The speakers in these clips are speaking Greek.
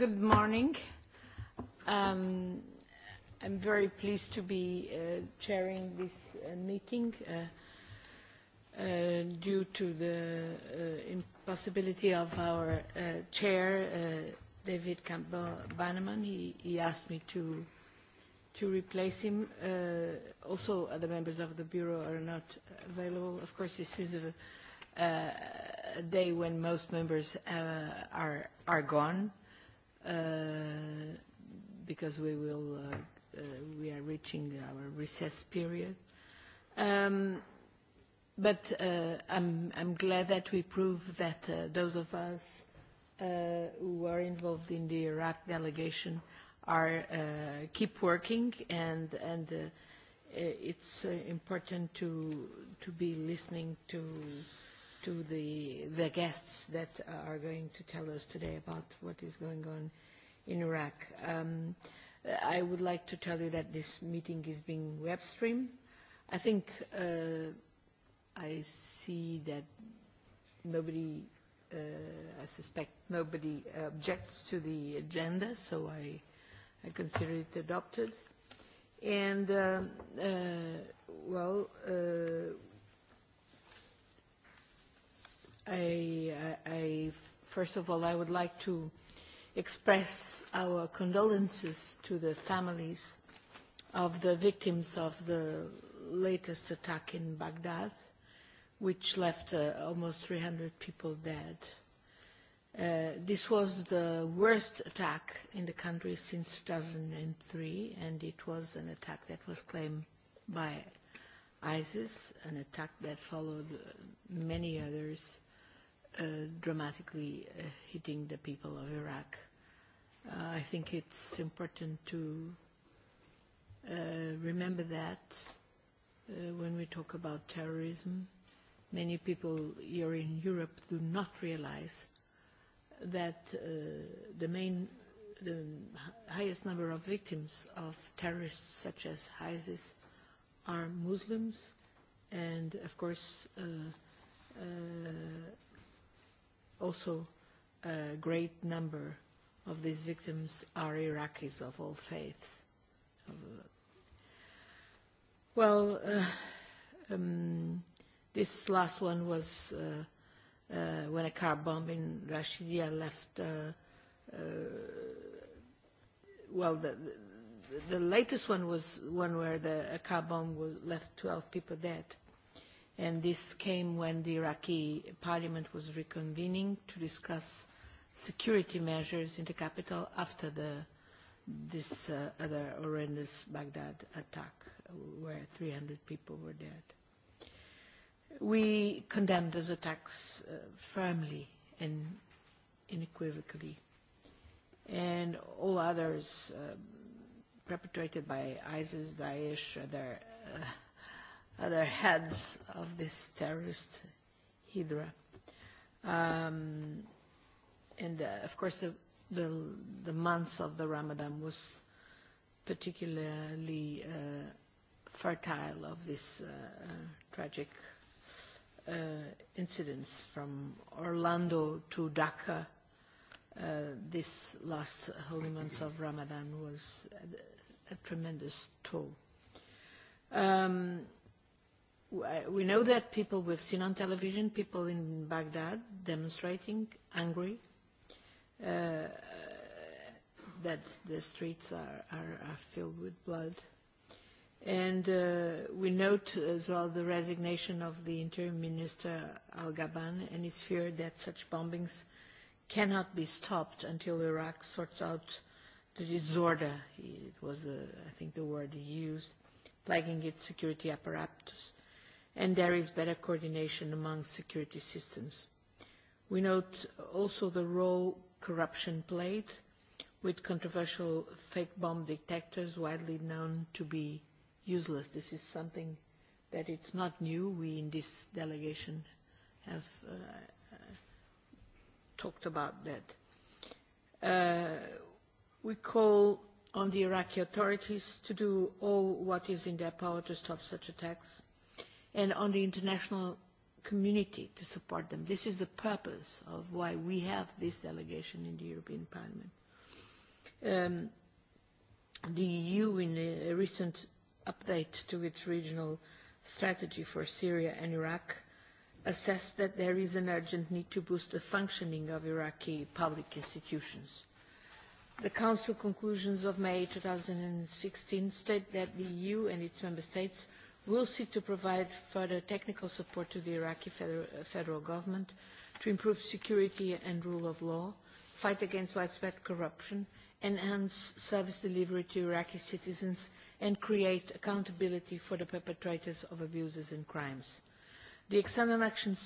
Good morning. I'm very pleased to be chairing this meeting due to the impossibility of our chair, David Campbell-Bannerman. He asked me to replace him. Also, other members of the Bureau are not available. Of course, this is a day when most members are gone because we will we are reaching our recess period. But I'm I'm glad that we prove that those of us who are involved in the Iraq delegation are keep working and and it's important to to be listening to to the the guests that are going to tell us today about what is going on in Iraq. I would like to tell you that this meeting is being web streamed. I think I see that nobody, I suspect nobody objects to the agenda, so I I consider it adopted. And well First of all, I would like to express our condolences to the families of the victims of the latest attack in Baghdad, which left almost 300 people dead. This was the worst attack in the country since 2003, and it was an attack that was claimed by ISIS, an attack that followed many others dramatically hitting the people of Iraq. I think it's important to remember that when we talk about terrorism. Many people here in Europe do not realize that the main, the highest number of victims of terrorists such as ISIS are Muslims and, of course, also a great number of these victims are Iraqis of all faiths. Well, this last one was when a car bomb in Rashidia left. Well, the the latest one was one where the a car bomb left 12 people dead and this came when the Iraqi parliament was reconvening to discuss security measures in the capital after the this other horrendous Baghdad attack where 300 people were dead. We condemned those attacks firmly and unequivocally. And all others perpetrated by ISIS, Daesh, other other heads of this terrorist hydra. And of course, the the month of the Ramadan was particularly fertile of uh tragic incidents from Orlando to Dhaka. This last holy month of Ramadan was a tremendous toll. We know that people we've seen on television, people in Baghdad demonstrating, angry, that the streets are are filled with blood. And we note as well the resignation of the interim minister Al-Gaban and his fear that such bombings cannot be stopped until Iraq sorts out the disorder, it was, I think, the word he used, flagging its security apparatus and there is better coordination among security systems. We note also the role corruption played with controversial fake bomb detectors widely known to be useless. This is something that it's not new. We in this delegation have talked about that. We call on the Iraqi authorities to do all what is in their power to stop such attacks and on the international community to support them. This is the purpose of why we have this delegation in the European Parliament. The EU, in a recent update to its regional strategy for Syria and Iraq, assessed that there is an urgent need to boost the functioning of Iraqi public institutions. The Council conclusions of May 2016 state that the EU and its member states will seek to provide further technical support to the Iraqi federal government to improve security and rule of law, fight against widespread corruption, enhance service delivery to Iraqi citizens, and create accountability for the perpetrators of abuses and crimes. The External Action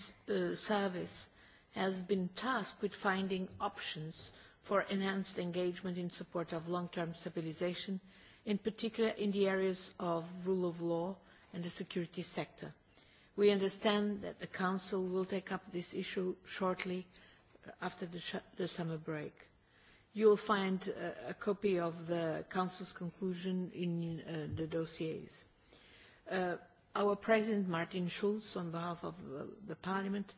Service has been tasked with finding options for enhanced engagement in support of long-term stabilization, in particular in the areas of rule of law, and the security sector. We understand that the Council will take up this issue shortly after the summer break. You will find a copy of the Council's conclusion in the dossiers. Our President, Martin Schulz, on behalf of the Parliament,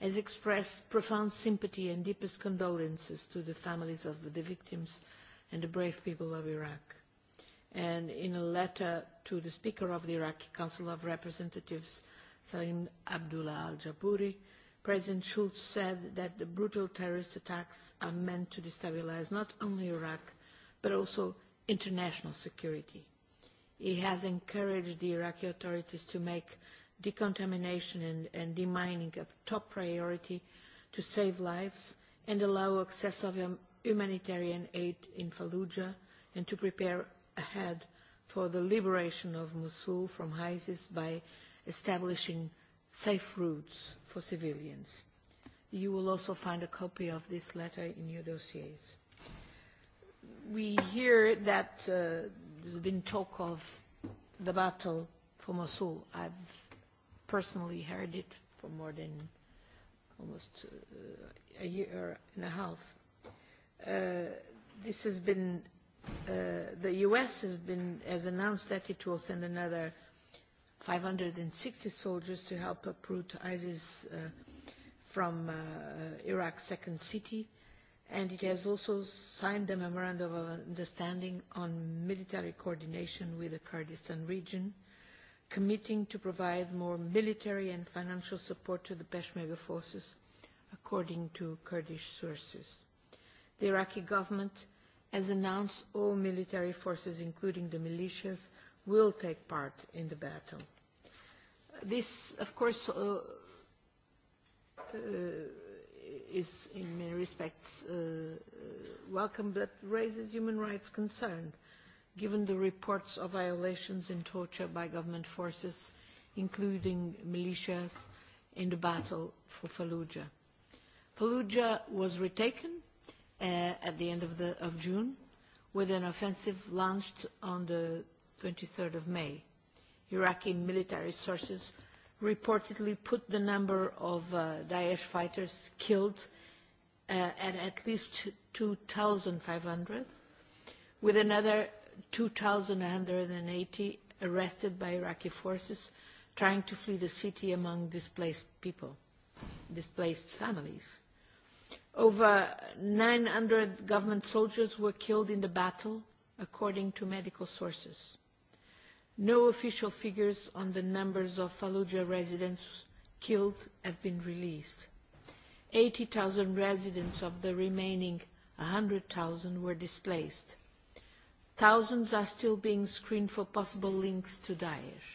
has expressed profound sympathy and deepest condolences to the families of the victims and the brave people of Iraq. And in a letter to the Speaker of the Iraqi Council of Representatives, Salim Abdullah al jabouri President Schulz said that the brutal terrorist attacks are meant to destabilize not only Iraq, but also international security. He has encouraged the Iraqi authorities to make decontamination and demining a top priority to save lives and allow access of humanitarian aid in Fallujah and to prepare ahead for the liberation of Mosul from ISIS by establishing safe routes for civilians. You will also find a copy of this letter in your dossiers. We hear that there's been talk of the battle for Mosul. I've personally heard it for more than almost a year and a half. This has been the U.S. has been has announced that it will send another 560 soldiers to help uproot ISIS from Iraq's second city, and it has also signed a memorandum of understanding on military coordination with the Kurdistan region, committing to provide more military and financial support to the Peshmerga forces, according to Kurdish sources. The Iraqi government As announced, all military forces, including the militias, will take part in the battle. This, of course, is in many respects welcome, but raises human rights concerns, given the reports of violations and torture by government forces, including militias, in the battle for Fallujah. Fallujah was retaken at the end of June, with an offensive launched on the 23rd of May. Iraqi military sources reportedly put the number of Daesh fighters killed at at least 2,500, with another 2,180 arrested by Iraqi forces trying to flee the city among displaced people, displaced families. Over 900 government soldiers were killed in the battle, according to medical sources. No official figures on the numbers of Fallujah residents killed have been released. 80,000 residents of the remaining 100,000 were displaced. Thousands are still being screened for possible links to Daesh.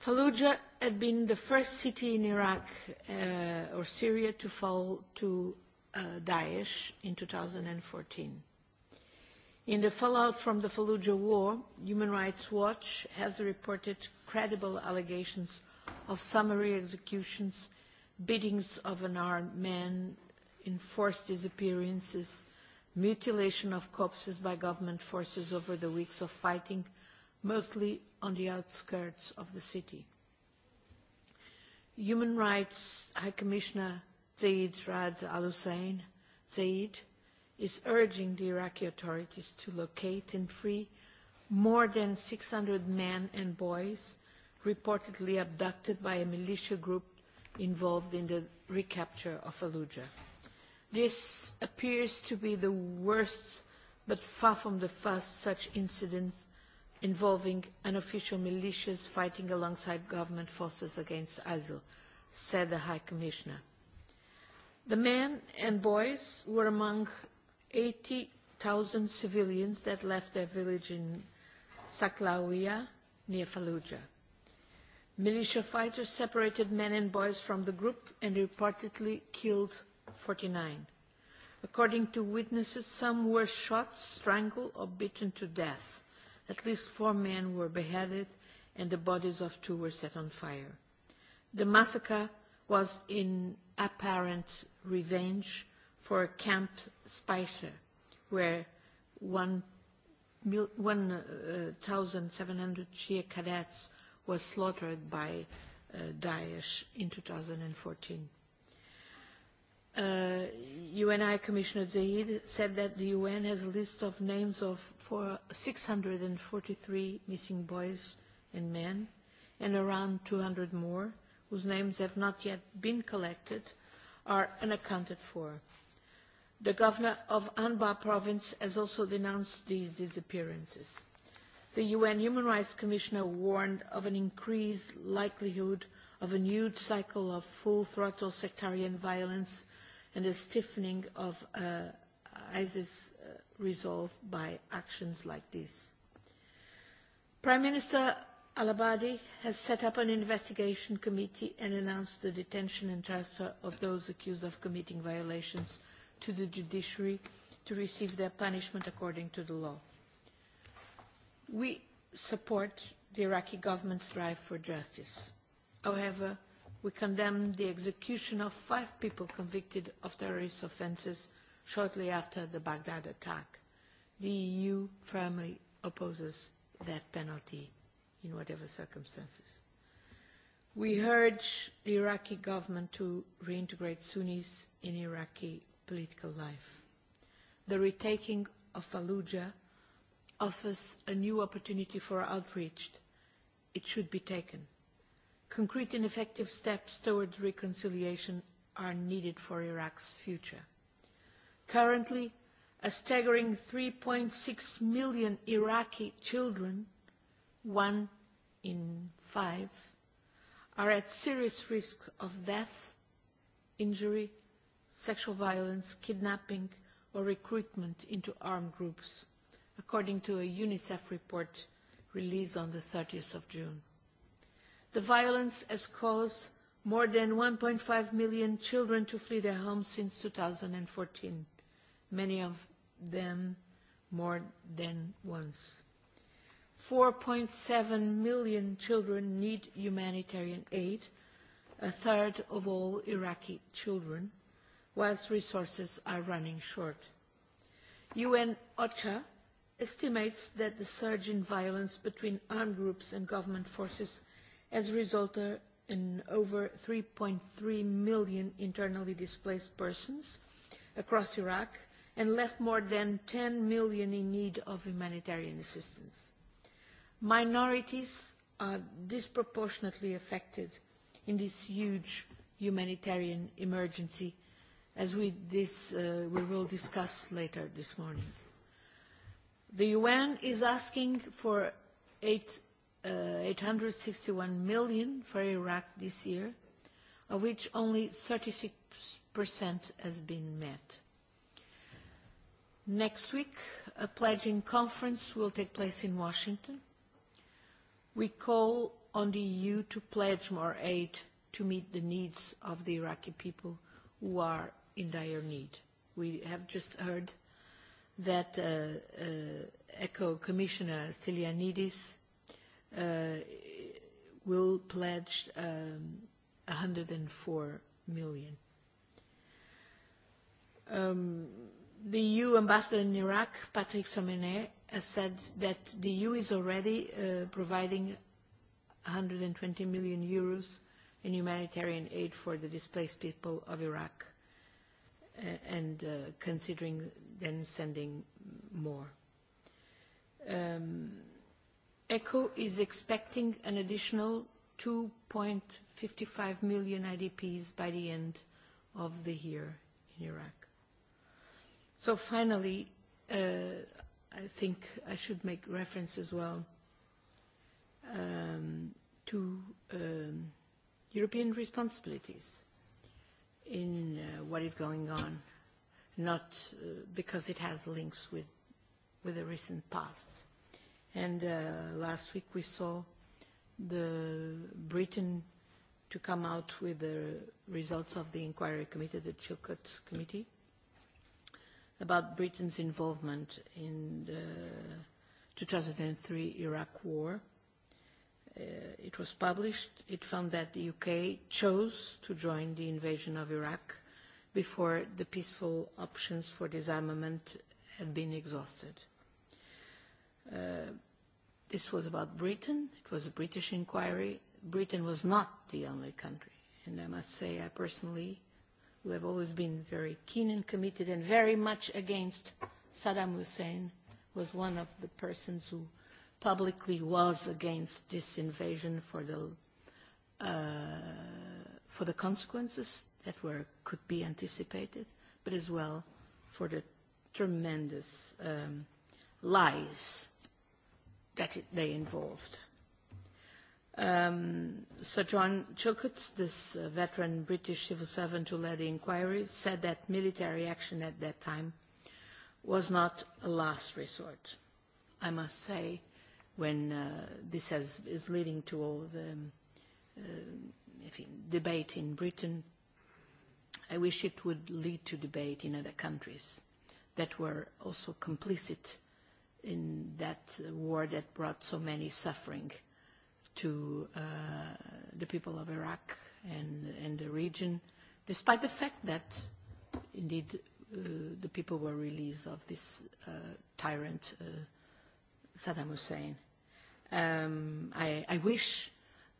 Fallujah had been the first city in Iraq or Syria to fall to Daesh in 2014. In the fallout from the Fallujah war, Human Rights Watch has reported credible allegations of summary executions, beatings of unarmed men, enforced disappearances, mutilation of corpses by government forces over the weeks of fighting, mostly on the outskirts of the city. Human Rights High Commissioner Zaid Rad Al Hussein Zaid is urging the Iraqi authorities to locate and free more than 600 men and boys reportedly abducted by a militia group involved in the recapture of Fallujah. This appears to be the worst but far from the first such incident involving unofficial militias fighting alongside government forces against ISIL, said the High Commissioner. The men and boys were among 80,000 civilians that left their village in Saklawiya, near Fallujah. Militia fighters separated men and boys from the group and reportedly killed 49. According to witnesses, some were shot, strangled, or beaten to death. At least four men were beheaded and the bodies of two were set on fire. The massacre was in apparent revenge for Camp Speicher, where 1,700 Shia cadets were slaughtered by Daesh in 2014. UNI Commissioner Zaid said that the UN has a list of names of 643 missing boys and men and around 200 more whose names have not yet been collected are unaccounted for. The governor of Anbar province has also denounced these disappearances. The UN Human Rights Commissioner warned of an increased likelihood of a new cycle of full-throttle sectarian violence and a stiffening of ISIS resolve by actions like this. Prime Minister Al-Abadi has set up an investigation committee and announced the detention and transfer of those accused of committing violations to the judiciary to receive their punishment according to the law. We support the Iraqi government's drive for justice. However, we condemn the execution of five people convicted of terrorist offences shortly after the Baghdad attack. The EU firmly opposes that penalty in whatever circumstances. We urge the Iraqi government to reintegrate Sunnis in Iraqi political life. The retaking of Fallujah offers a new opportunity for outreach. It should be taken concrete and effective steps towards reconciliation are needed for Iraq's future. Currently, a staggering 3.6 million Iraqi children, one in five, are at serious risk of death, injury, sexual violence, kidnapping, or recruitment into armed groups, according to a UNICEF report released on the 30th of June. The violence has caused more than 1.5 million children to flee their homes since 2014, many of them more than once. 4.7 million children need humanitarian aid, a third of all Iraqi children, whilst resources are running short. UN OCHA estimates that the surge in violence between armed groups and government forces as resulted in over 3.3 million internally displaced persons across Iraq and left more than 10 million in need of humanitarian assistance. Minorities are disproportionately affected in this huge humanitarian emergency, as we will discuss later this morning. The UN is asking for 8 861 million for Iraq this year, of which only 36% has been met. Next week, a pledging conference will take place in Washington. We call on the EU to pledge more aid to meet the needs of the Iraqi people who are in dire need. We have just heard that ECHO Commissioner Stylianides will pledge 104 million. The EU ambassador in Iraq, Patrick Sommelet, has said that the EU is already providing 120 million euros in humanitarian aid for the displaced people of Iraq and considering then sending more. ECHO is expecting an additional 2.55 million IDPs by the end of the year in Iraq. So finally, I think I should make reference as well to European responsibilities in what is going on, not because it has links with the recent past And last week we saw the Britain to come out with the results of the inquiry committee, the Chilcot Committee, about Britain's involvement in the 2003 Iraq War. It was published. It found that the UK chose to join the invasion of Iraq before the peaceful options for disarmament had been exhausted. This was about Britain. It was a British inquiry. Britain was not the only country. And I must say I personally, who have always been very keen and committed and very much against Saddam Hussein, was one of the persons who publicly was against this invasion for the, for the consequences that were, could be anticipated, but as well for the tremendous lies that they involved. Sir John Chilcot, this veteran British civil servant who led the inquiry, said that military action at that time was not a last resort. I must say, when this is leading to all the debate in Britain, I wish it would lead to debate in other countries that were also complicit in that war that brought so many suffering to the people of Iraq and the region, despite the fact that, indeed, the people were released of this tyrant, Saddam Hussein. I wish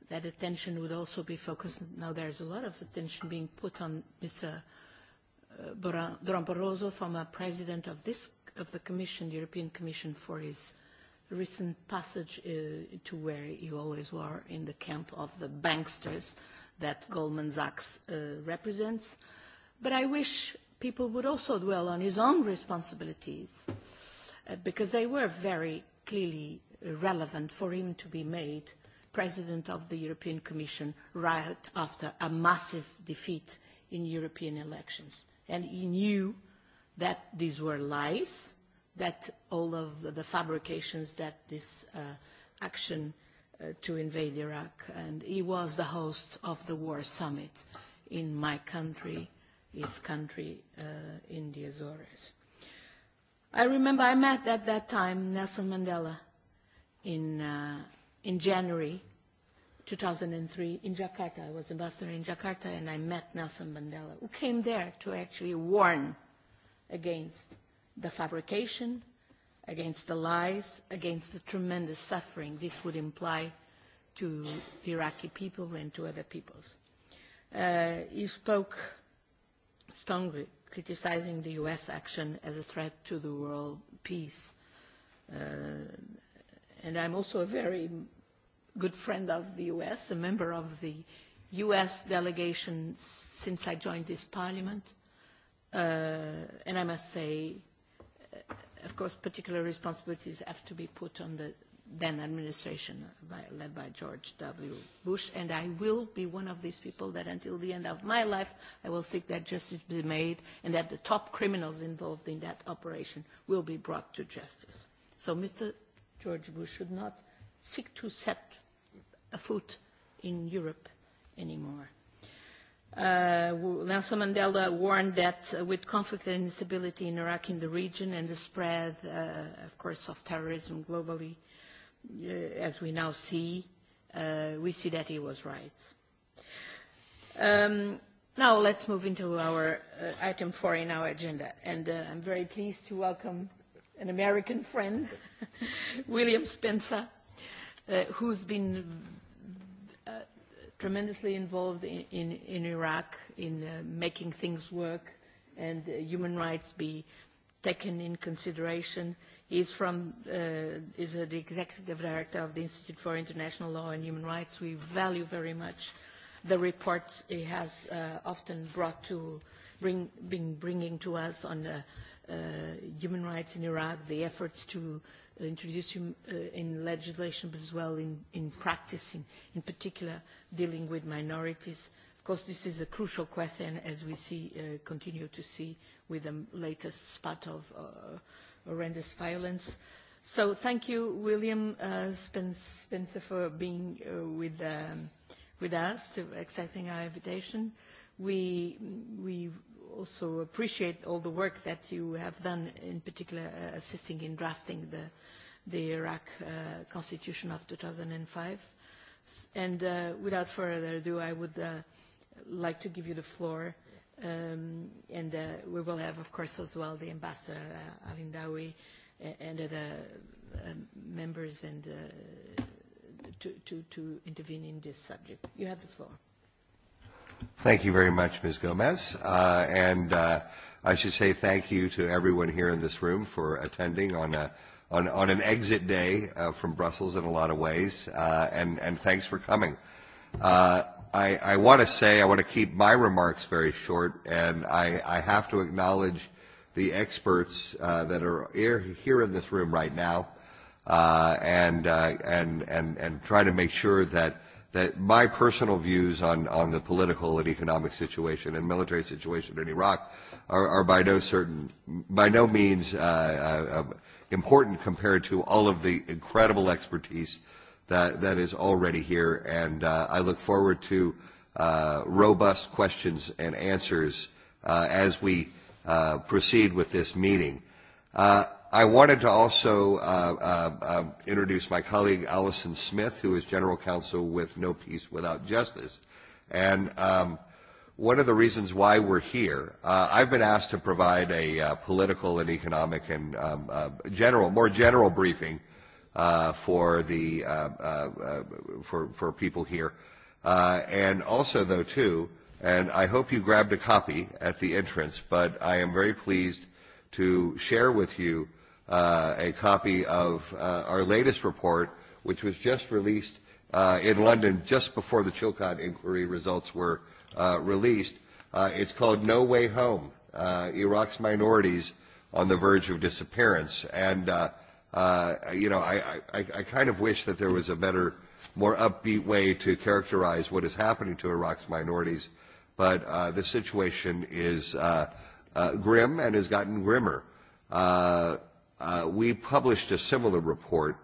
that attention would also be focused. Now there's a lot of attention being put on Mr. Durán Barroso, former president of this of the Commission, European Commission, for his recent passage to where he always were in the camp of the banksters that Goldman Sachs represents. But I wish people would also dwell on his own responsibilities, because they were very clearly relevant for him to be made President of the European Commission right after a massive defeat in European elections. And he knew that these were lies, that all of the fabrications that this action to invade Iraq, and he was the host of the war summit in my country, his country, in the Azores. I remember I met at that time Nelson Mandela in in January 2003 in Jakarta. I was ambassador in Jakarta, and I met Nelson Mandela, who came there to actually warn against the fabrication, against the lies, against the tremendous suffering this would imply to the Iraqi people and to other peoples. He spoke strongly criticizing the U.S. action as a threat to the world peace. And I'm also a very good friend of the U.S., a member of the U.S. delegation since I joined this parliament and I must say, of course, particular responsibilities have to be put on the then administration led by George W. Bush, and I will be one of these people that until the end of my life, I will seek that justice be made and that the top criminals involved in that operation will be brought to justice. So Mr. George Bush should not seek to set a foot in Europe anymore. Nelson Mandela warned that with conflict and instability in Iraq in the region and the spread, of course, of terrorism globally, as we now see, we see that he was right. Now let's move into our item four in our agenda, and I'm very pleased to welcome an American friend, William Spencer, who's been tremendously involved in in Iraq in making things work and human rights be taken in consideration. He is from is the executive director of the Institute for International Law and Human Rights. We value very much the reports he has often brought to bring been bringing to us on human rights in Iraq, the efforts to introduced in legislation but as well in practice, in particular dealing with minorities. Of course, this is a crucial question as we see, continue to see with the latest spot of horrendous violence. So thank you, William Spencer, for being with us, to accepting our invitation. We also appreciate all the work that you have done, in particular assisting in drafting the the Iraq Constitution of 2005. And without further ado, I would like to give you the floor. And we will have, of course, as well the Ambassador Alindawi and other members and to intervene in this subject. You have the floor. Thank you very much, Ms. Gomez. and uh, I should say thank you to everyone here in this room for attending on a on, on an exit day from Brussels in a lot of ways, uh, and, and thanks for coming. Uh, I, I want to say I want to keep my remarks very short, and I, I have to acknowledge the experts uh, that are here, here in this room right now, uh, and, uh, and, and, and try to make sure that that my personal views on, on the political and economic situation and military situation in Iraq are, are by no certain, by no means uh, uh, important compared to all of the incredible expertise that, that is already here. And uh, I look forward to uh, robust questions and answers uh, as we uh, proceed with this meeting. Uh, I wanted to also introduce my colleague Allison Smith, who is General Counsel with No Peace Without Justice. And one of the reasons why we're here, I've been asked to provide a political and economic and general, more general briefing for the for for people here, and also though too. And I hope you grabbed a copy at the entrance, but I am very pleased to share with you a copy of our latest report, which was just released in London just before the Chilcot inquiry results were released. It's called No Way Home, Iraq's Minorities on the Verge of Disappearance. And, you know, I kind of wish that there was a better, more upbeat way to characterize what is happening to Iraq's minorities. But the situation is grim and has gotten grimmer we published a similar report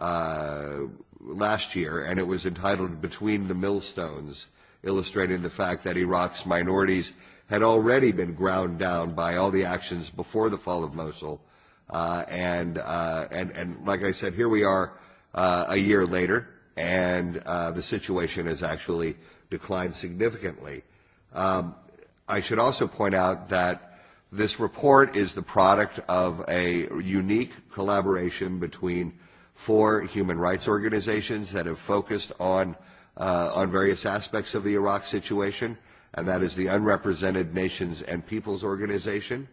last year, and it was entitled Between the Millstones, illustrating the fact that Iraq's minorities had already been ground down by all the actions before the fall of Mosul. And like I said, here we are a year later, and the situation has actually declined significantly. I should also point out that This report is the product of a unique collaboration between four human rights organizations that have focused on on various aspects of the Iraq situation, and that is the Unrepresented Nations and Peoples Organization,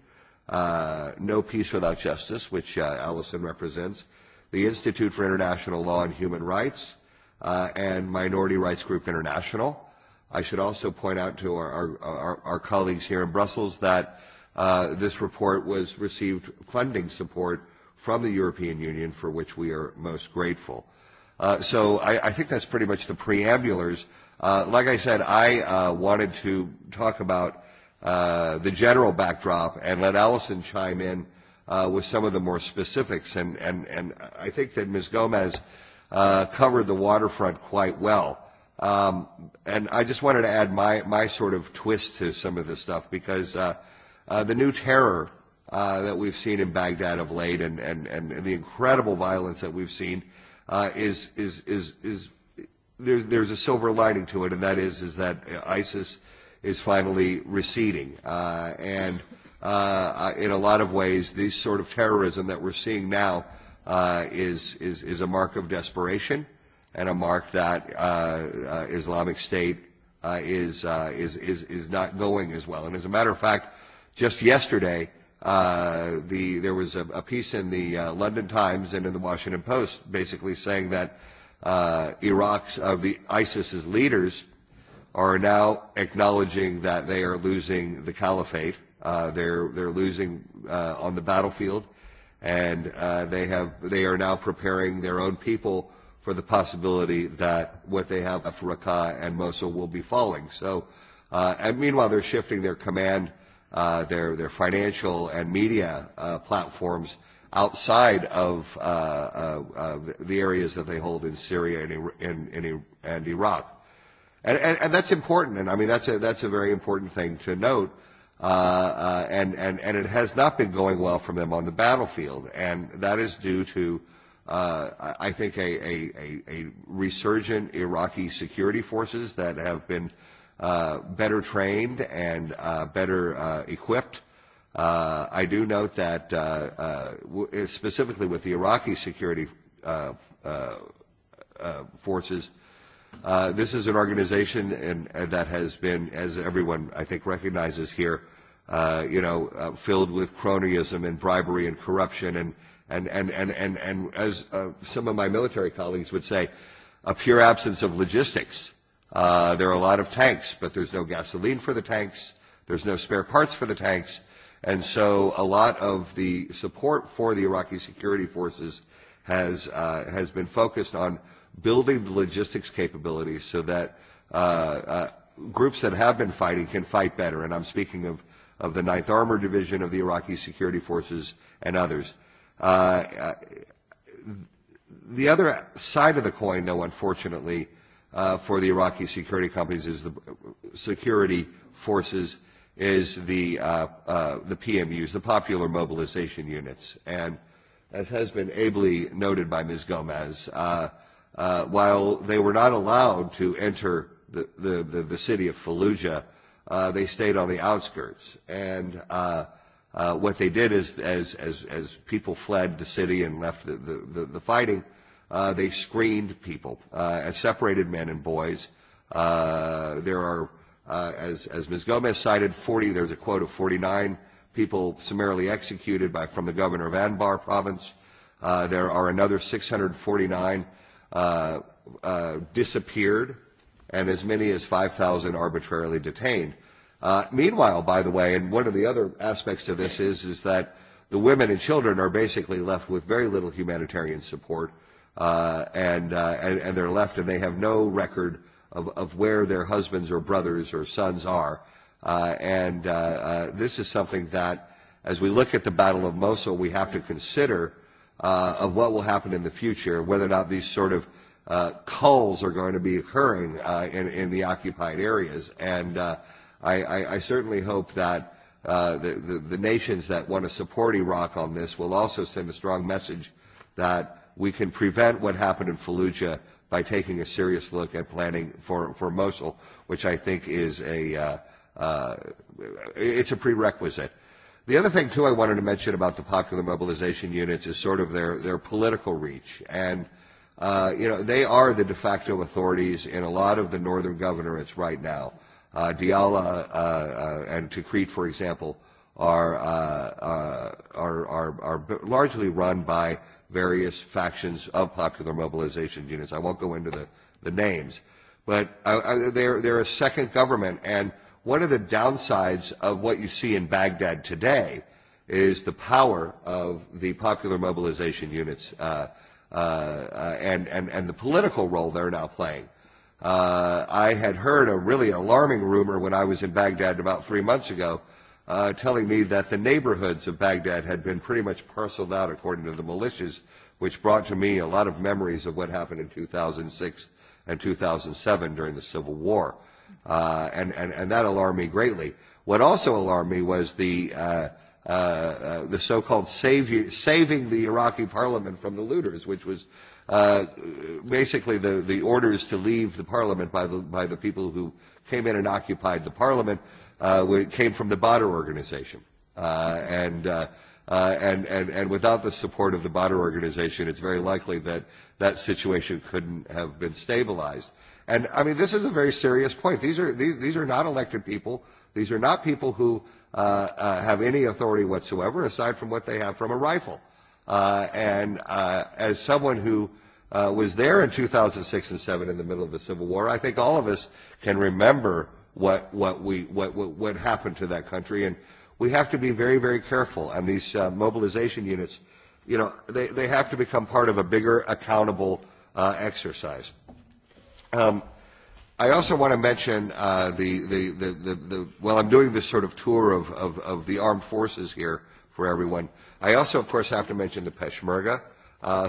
No Peace Without Justice, which Allison represents, the Institute for International Law and Human Rights, and Minority Rights Group International. I should also point out to our colleagues here in Brussels that This report was received funding support from the European Union, for which we are most grateful. So I think that's pretty much the preambulars. Like I said, I wanted to talk about the general backdrop and let Allison chime in with some of the more specifics. And I think that Ms. Gomez covered the waterfront quite well. And I just wanted to add my sort of twist to some of this stuff because the new terror that we've seen in Baghdad of late and, and, and the incredible violence that we've seen is, is, is, is there, there's a silver lining to it, and that is, is that ISIS is finally receding. and in a lot of ways, this sort of terrorism that we're seeing now is, is, is a mark of desperation and a mark that Islamic State is, is, is, is not going as well. And as a matter of fact, Just yesterday, the there was a piece in the London Times and in the Washington Post basically saying that Iraq's of the ISIS's leaders are now acknowledging that they are losing the caliphate. They're they're losing on the battlefield, and they have they are now preparing their own people for the possibility that what they have at Raqqa and Mosul will be falling. So, and meanwhile they're shifting their command their their financial and media platforms outside of the areas that they hold in Syria and in Iraq. And and that's important, and I mean that's a that's a very important thing to note. And and and it has not been going well for them on the battlefield, and that is due to, I think, a resurgent Iraqi security forces that have been better trained and better equipped. I do note that specifically with the Iraqi security forces, this is an organization that has been, as everyone I think recognizes here, you know, filled with cronyism and bribery and corruption and and and and and and as some of my military colleagues would say, a pure absence of logistics there are a lot of tanks, but there's no gasoline for the tanks. There's no spare parts for the tanks. And so a lot of the support for the Iraqi security forces has, uh, has been focused on building the logistics capabilities so that uh, uh, groups that have been fighting can fight better. And I'm speaking of, of the 9th Armored Division of the Iraqi Security Forces and others. Uh, the other side of the coin, though, unfortunately, for the Iraqi security companies is the security forces is the the PMUs, the Popular Mobilization Units. And as has been ably noted by Ms. Gomez, while they were not allowed to enter the the the city of Fallujah, they stayed on the outskirts. And what they did is, as as as people fled the city and left the the the fighting They screened people, separated men and boys. There are, as Ms. Gomez cited, 40, there's a quote of 49 people summarily executed by from the governor of Anbar province. There are another 649 disappeared and as many as 5,000 arbitrarily detained. Meanwhile, by the way, and one of the other aspects of this is that the women and children are basically left with very little humanitarian support and and they're left and they have no record of of where their husbands or brothers or sons are. And this is something that, as we look at the Battle of Mosul, we have to consider of what will happen in the future, whether or not these sort of culls are going to be occurring in in the occupied areas. And I I certainly hope that the the nations that want to support Iraq on this will also send a strong message that we can prevent what happened in Fallujah by taking a serious look at planning for, for Mosul, which I think is a, uh, uh it's a prerequisite. The other thing, too, I wanted to mention about the popular mobilization units is sort of their, their political reach. And, uh, you know, they are the de facto authorities in a lot of the northern governorates right now. Uh, Diala uh, uh, and Tikrit, for example, are, uh, uh, are, are, are largely run by various factions of popular mobilization units. I won't go into the, the names, but uh, they're, they're a second government. And one of the downsides of what you see in Baghdad today is the power of the popular mobilization units uh, uh, and, and, and the political role they're now playing. Uh, I had heard a really alarming rumor when I was in Baghdad about three months ago telling me that the neighborhoods of Baghdad had been pretty much parceled out according to the militias, which brought to me a lot of memories of what happened in 2006 and 2007 during the Civil War. And that alarmed me greatly. What also alarmed me was the the so-called saving the Iraqi parliament from the looters, which was basically the the orders to leave the parliament by the by the people who came in and occupied the parliament uh, came from the Bader organization. Uh, and, uh, uh, and, and, and without the support of the Bader organization, it's very likely that that situation couldn't have been stabilized. And I mean, this is a very serious point. These are, these, these are not elected people. These are not people who uh, uh, have any authority whatsoever, aside from what they have from a rifle. Uh, and uh, as someone who uh, was there in 2006 and 7 in the middle of the Civil War, I think all of us can remember what what we what what happened to that country and we have to be very very careful and these mobilization units you know they they have to become part of a bigger accountable exercise um i also want to mention the the the the well i'm doing this sort of tour of of of the armed forces here for everyone i also of course have to mention the peshmerga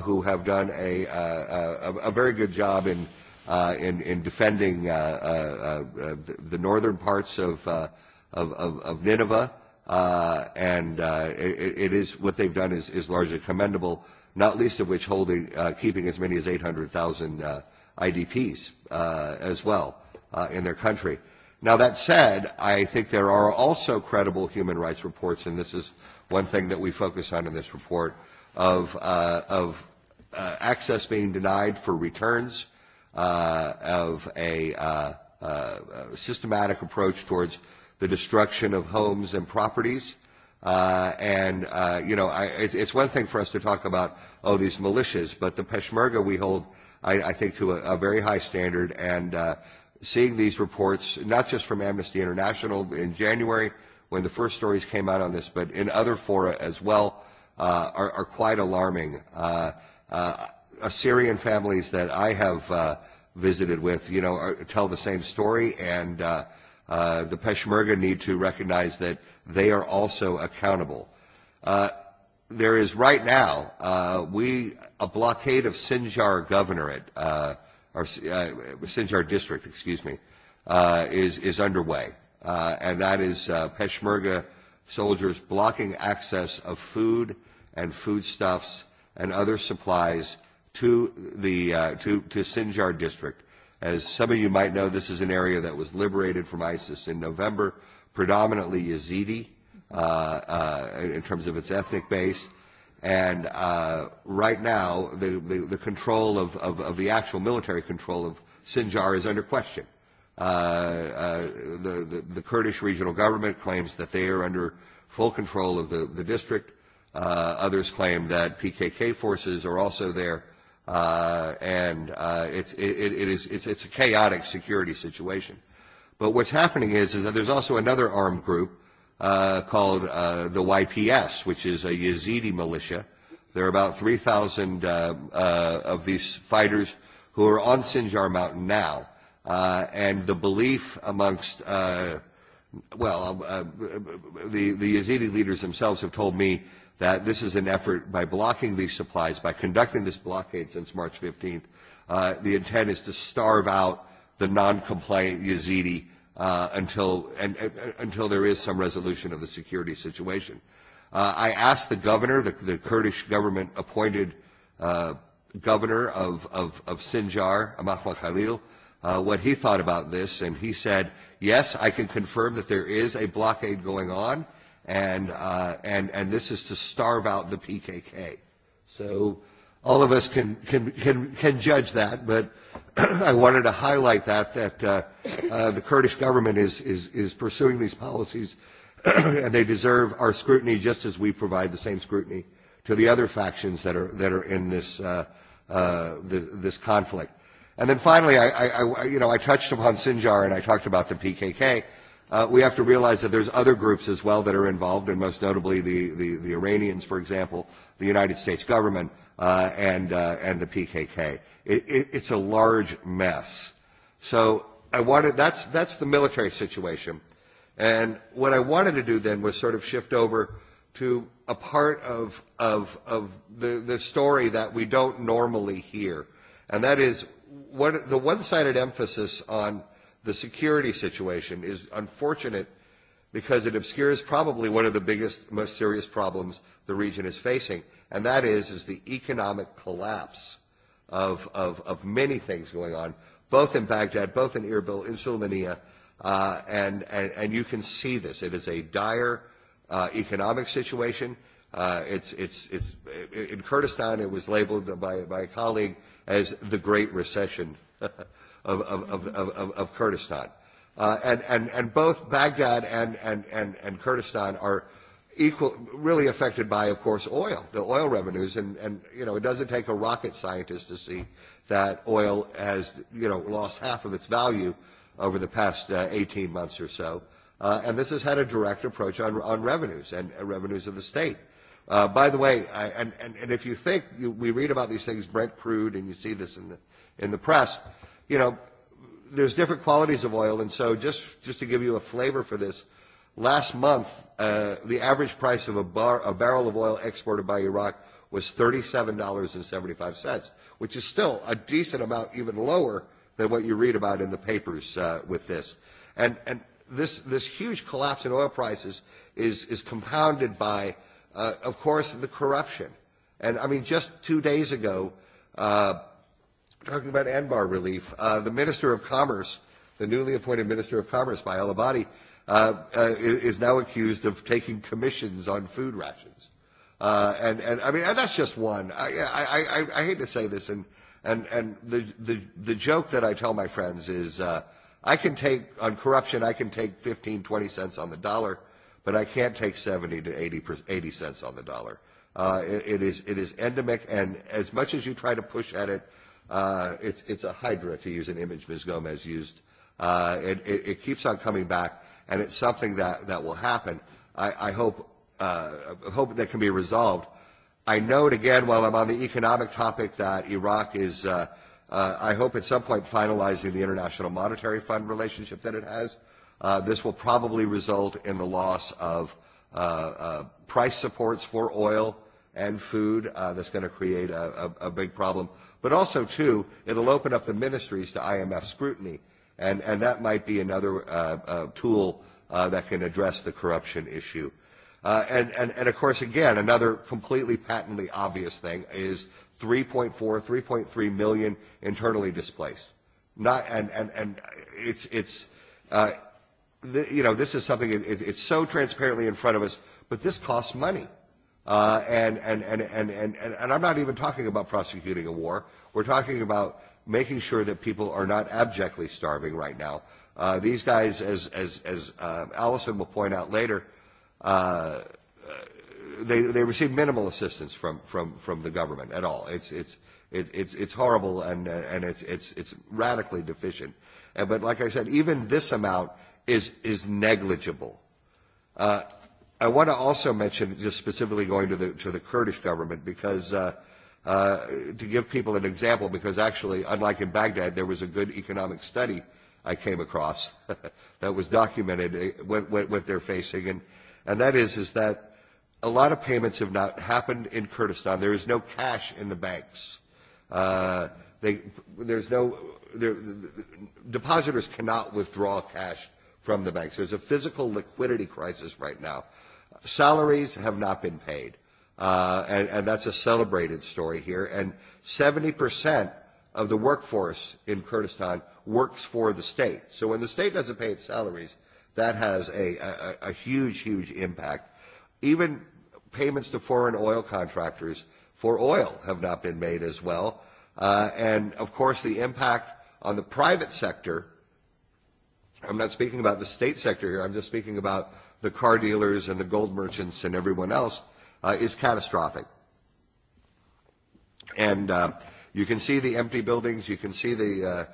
who have done a a very good job in in in defending the northern parts of of Nineveh, and it is what they've done is is largely commendable, not least of which holding keeping as many as 800,000 IDPs as well in their country. Now that said, I think there are also credible human rights reports, and this is one thing that we focus on in this report, of access being denied for returns of a systematic approach towards the destruction of homes and properties. And, you know, it's one thing for us to talk about, oh, these militias, but the Peshmerga we hold, I think, to a very high standard. And seeing these reports, not just from Amnesty International in January when the first stories came out on this, but in other fora as well, are quite alarming. Assyrian families that I have visited with, you know, tell the same story, and the Peshmerga need to recognize that they are also accountable. There is right now we a blockade of Sinjar governorate, or Sinjar district, excuse me, is is underway, and that is Peshmerga soldiers blocking access of food and foodstuffs and other supplies to the to to Sinjar district. As some of you might know, this is an area that was liberated from ISIS in November, predominantly Yazidi in terms of its ethnic base. And right now, the the control of of the actual military control of Sinjar is under question. The the Kurdish regional government claims that they are under full control of the the district. Others claim that PKK forces are also there and it's it is it's a chaotic security situation. But what's happening is is that there's also another armed group called the YPS, which is a Yazidi militia. There are about 3,000 of these fighters who are on Sinjar Mountain now, and the belief amongst well the the Yazidi leaders themselves have told me that this is an effort by blocking these supplies, by conducting this blockade since March 15th. The intent is to starve out the non-compliant Yazidi until until there is some resolution of the security situation. I asked the governor, the Kurdish government appointed governor of of Sinjar, Ahmad Khalil, what he thought about this, and he said, yes, I can confirm that there is a blockade going on and and and this is to starve out the PKK. So all of us can can can judge that, but I wanted to highlight that that the Kurdish government is is is pursuing these policies, and they deserve our scrutiny just as we provide the same scrutiny to the other factions that are that are in this this conflict. And then finally, I you know I touched upon Sinjar and I talked about the PKK we have to realize that there's other groups as well that are involved, and most notably the the Iranians, for example, the United States government, and and the PKK. It It's a large mess. So I wanted that's that's the military situation, and what I wanted to do then was sort of shift over to a part of of of the the story that we don't normally hear, and that is what the one-sided emphasis on the security situation is unfortunate because it obscures probably one of the biggest, most serious problems the region is facing, and that is, is the economic collapse of, of, of many things going on, both in Baghdad, both in Erbil, in Sulaymaniyah, uh, and, and, and you can see this. It is a dire uh, economic situation. Uh, it's, it's, it's, in Kurdistan, it was labeled by, by a colleague as the Great Recession of, of, of, of, of Kurdistan. and, and, and both Baghdad and, and, and, Kurdistan are equal, really affected by, of course, oil, the oil revenues. And, and, you know, it doesn't take a rocket scientist to see that oil has, you know, lost half of its value over the past 18 months or so. And this has had a direct approach on on revenues and revenues of the state. By the way, and and if you think, we read about these things, Brent crude, and you see this in in the press, you know, there's different qualities of oil, and so just just to give you a flavor for this, last month the average price of a bar a barrel of oil exported by Iraq was $37.75, which is still a decent amount, even lower than what you read about in the papers with this. And and this this huge collapse in oil prices is is compounded by, of course, the corruption. And I mean, just two days ago Talking about Anbar relief, uh, the Minister of Commerce, the newly appointed Minister of Commerce by El Abadi, uh, uh, is now accused of taking commissions on food rations. Uh, and, and I mean, that's just one. I, I, I, I hate to say this, and, and, and the, the, the joke that I tell my friends is uh, I can take, on corruption, I can take 15, 20 cents on the dollar, but I can't take 70 to 80, 80 cents on the dollar. Uh, it, it, is, it is endemic, and as much as you try to push at it, It's it's a hydra, to use an image Ms. Gomez used. It it keeps on coming back, and it's something that that will happen. I I hope hope that can be resolved. I note again, while I'm on the economic topic, that Iraq is, I hope at some point, finalizing the International Monetary Fund relationship that it has. This will probably result in the loss of price supports for oil and food. That's going to create a big problem. But also, too, it'll open up the ministries to IMF scrutiny, and and that might be another tool that can address the corruption issue. And, of course, again, another completely patently obvious thing is 3.4, 3.3 million internally displaced. Not and and and it's it's you know this is something it's so transparently in front of us, but this costs money and, and, and, and, and, and I'm not even talking about prosecuting a war. We're talking about making sure that people are not abjectly starving right now. Uh, these guys, as, as, as Allison will point out later, uh, they, they receive minimal assistance from, from, from the government at all. It's, it's, it's, it's, it's horrible and, and it's, it's, it's radically deficient. But like I said, even this amount is, is negligible. Uh, I want to also mention, just specifically going to the to the Kurdish government, because to give people an example, because actually, unlike in Baghdad, there was a good economic study I came across that was documented what what they're facing, and and that is is that a lot of payments have not happened in Kurdistan. There is no cash in the banks. They there's no depositors cannot withdraw cash from the banks. There's a physical liquidity crisis right now. Salaries have not been paid. And that's a celebrated story here. And 70% of the workforce in Kurdistan works for the state. So when the state doesn't pay its salaries, that has a huge, huge impact. Even payments to foreign oil contractors for oil have not been made as well. And, of course, the impact on the private sector, I'm not speaking about the state sector here, I'm just speaking about the car dealers and the gold merchants and everyone else is catastrophic. And you can see the empty buildings, you can see the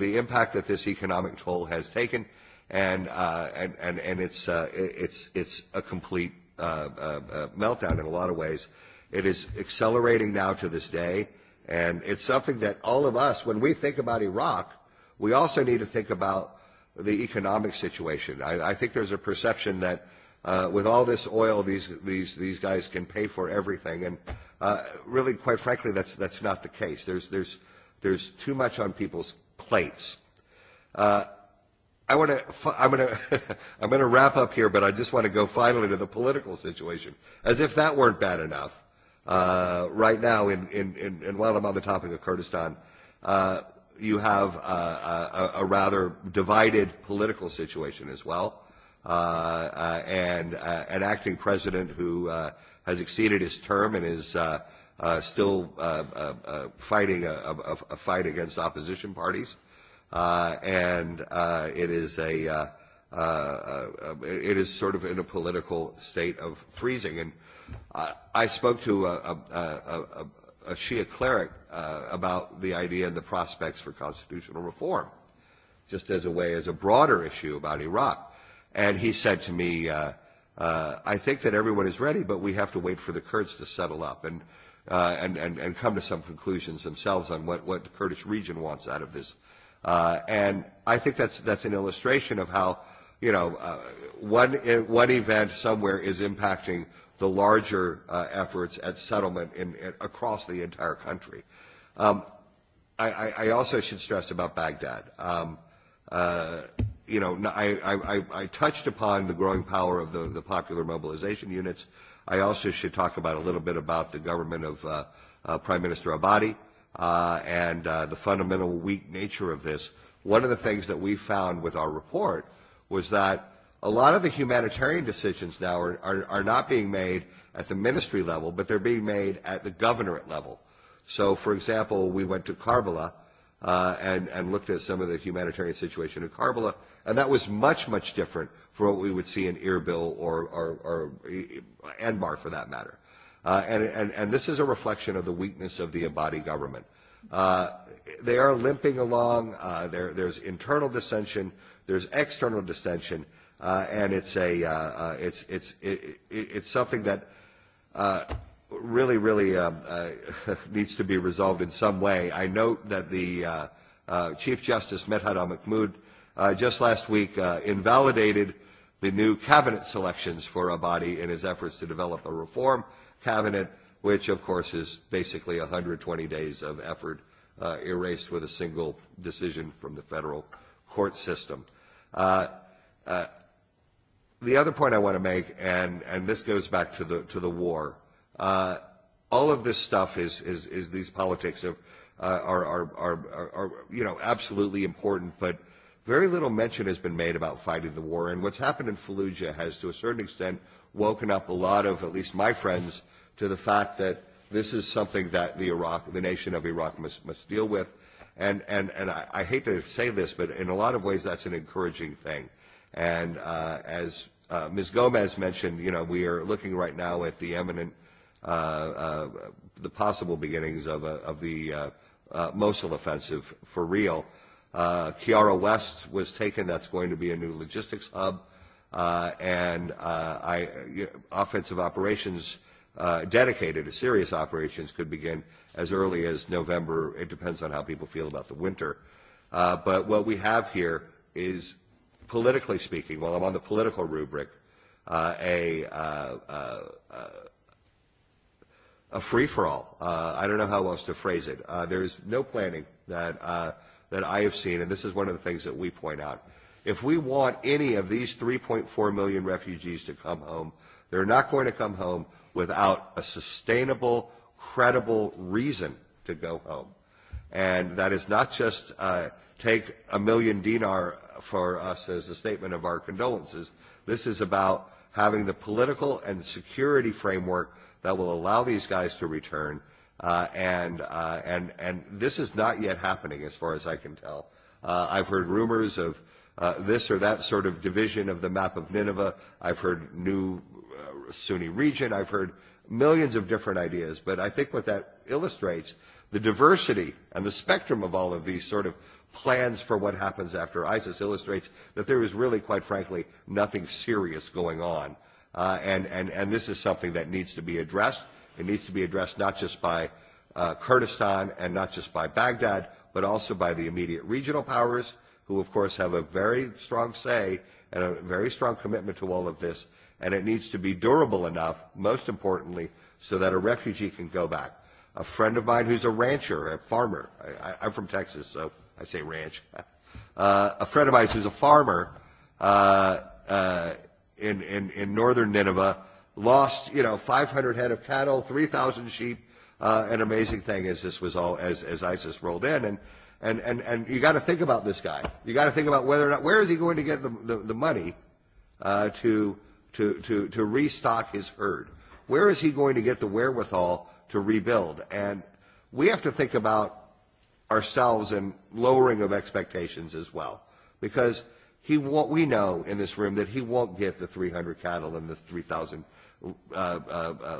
the impact that this economic toll has taken, and and and and it's it's it's a complete meltdown in a lot of ways. It is accelerating now to this day, and it's something that all of us, when we think about Iraq, we also need to think about the economic situation. I think there's a perception that with all this oil, these these these guys can pay for everything, and really, quite frankly, that's that's not the case. There's there's there's too much on people's plates. I want I'm going to I'm going to wrap up here, but I just want to go finally to the political situation, as if that weren't bad enough. Right now, in in and while I'm on the topic of Kurdistan you have a, a, rather divided political situation as well, uh, and an acting president who has exceeded his term and is still fighting a fight against opposition parties, and it is a it is sort of in a political state of freezing. And I spoke to a a Shia cleric about the idea and the prospects for constitutional reform, just as a way, as a broader issue about Iraq. And he said to me, I think that everyone is ready, but we have to wait for the Kurds to settle up and, and, and, and come to some conclusions themselves on what, what the Kurdish region wants out of this. and I think that's, that's an illustration of how, you know, one, one event somewhere is impacting the larger efforts at settlement in across the entire country. Um I I also should stress about Baghdad. Um uh you know I I I touched upon the growing power of the the popular mobilization units. I also should talk about a little bit about the government of uh Prime Minister Abadi uh and uh the fundamental weak nature of this. One of the things that we found with our report was that A lot of the humanitarian decisions now are, are, are not being made at the ministry level, but they're being made at the governorate level. So, for example, we went to Karbala uh, and, and looked at some of the humanitarian situation in Karbala, and that was much, much different from what we would see in Erbil or, or, or Anbar, for that matter. Uh, and, and, and this is a reflection of the weakness of the Abadi government. Uh, they are limping along. Uh, there, there's internal dissension. There's external dissension and it's a it's it's it's something that really really needs to be resolved in some way. I note that the Chief Justice Medhad Mahmoud just last week invalidated the new cabinet selections for body in his efforts to develop a reform cabinet, which of course is basically 120 days of effort erased with a single decision from the federal court system the other point I want to make, and, and this goes back to the, to the war, uh, all of this stuff is, is, is these politics of, uh, are, are, are, are, you know, absolutely important, but very little mention has been made about fighting the war. And what's happened in Fallujah has, to a certain extent, woken up a lot of, at least my friends, to the fact that this is something that the Iraq, the nation of Iraq must, must deal with. And, and, and I, I hate to say this, but in a lot of ways that's an encouraging thing And as Ms. Gomez mentioned, you know, we are looking right now at the uh the possible beginnings of of the Mosul offensive for real. Kiara West was taken. That's going to be a new logistics hub. And I offensive operations dedicated to serious operations could begin as early as November. It depends on how people feel about the winter. But what we have here is politically speaking, while I'm on the political rubric, a a free-for-all. I don't know how else to phrase it. There is no planning that that I have seen, and this is one of the things that we point out. If we want any of these 3.4 million refugees to come home, they're not going to come home without a sustainable, credible reason to go home. And that is not just take a million dinar for us as a statement of our condolences. This is about having the political and security framework that will allow these guys to return. And and and this is not yet happening, as far as I can tell. I've heard rumors of this or that sort of division of the map of Nineveh. I've heard new Sunni region. I've heard millions of different ideas. But I think what that illustrates, the diversity and the spectrum of all of these sort of plans for what happens after ISIS illustrates that there is really, quite frankly, nothing serious going on. And and this is something that needs to be addressed. It needs to be addressed not just by Kurdistan and not just by Baghdad, but also by the immediate regional powers, who, of course, have a very strong say and a very strong commitment to all of this. And it needs to be durable enough, most importantly, so that a refugee can go back. A friend of mine who's a rancher, a farmer, I I'm from Texas, so I say ranch. A friend of mine who's a farmer in in in northern Nineveh lost, you know, 500 head of cattle, 3,000 sheep. An amazing thing is this was all as as ISIS rolled in and and and and you got to think about this guy. You got to think about whether or not where is he going to get the the money to to to to restock his herd. Where is he going to get the wherewithal to rebuild? And we have to think about ourselves and lowering of expectations as well. Because he we know in this room that he won't get the 300 cattle and the 3,000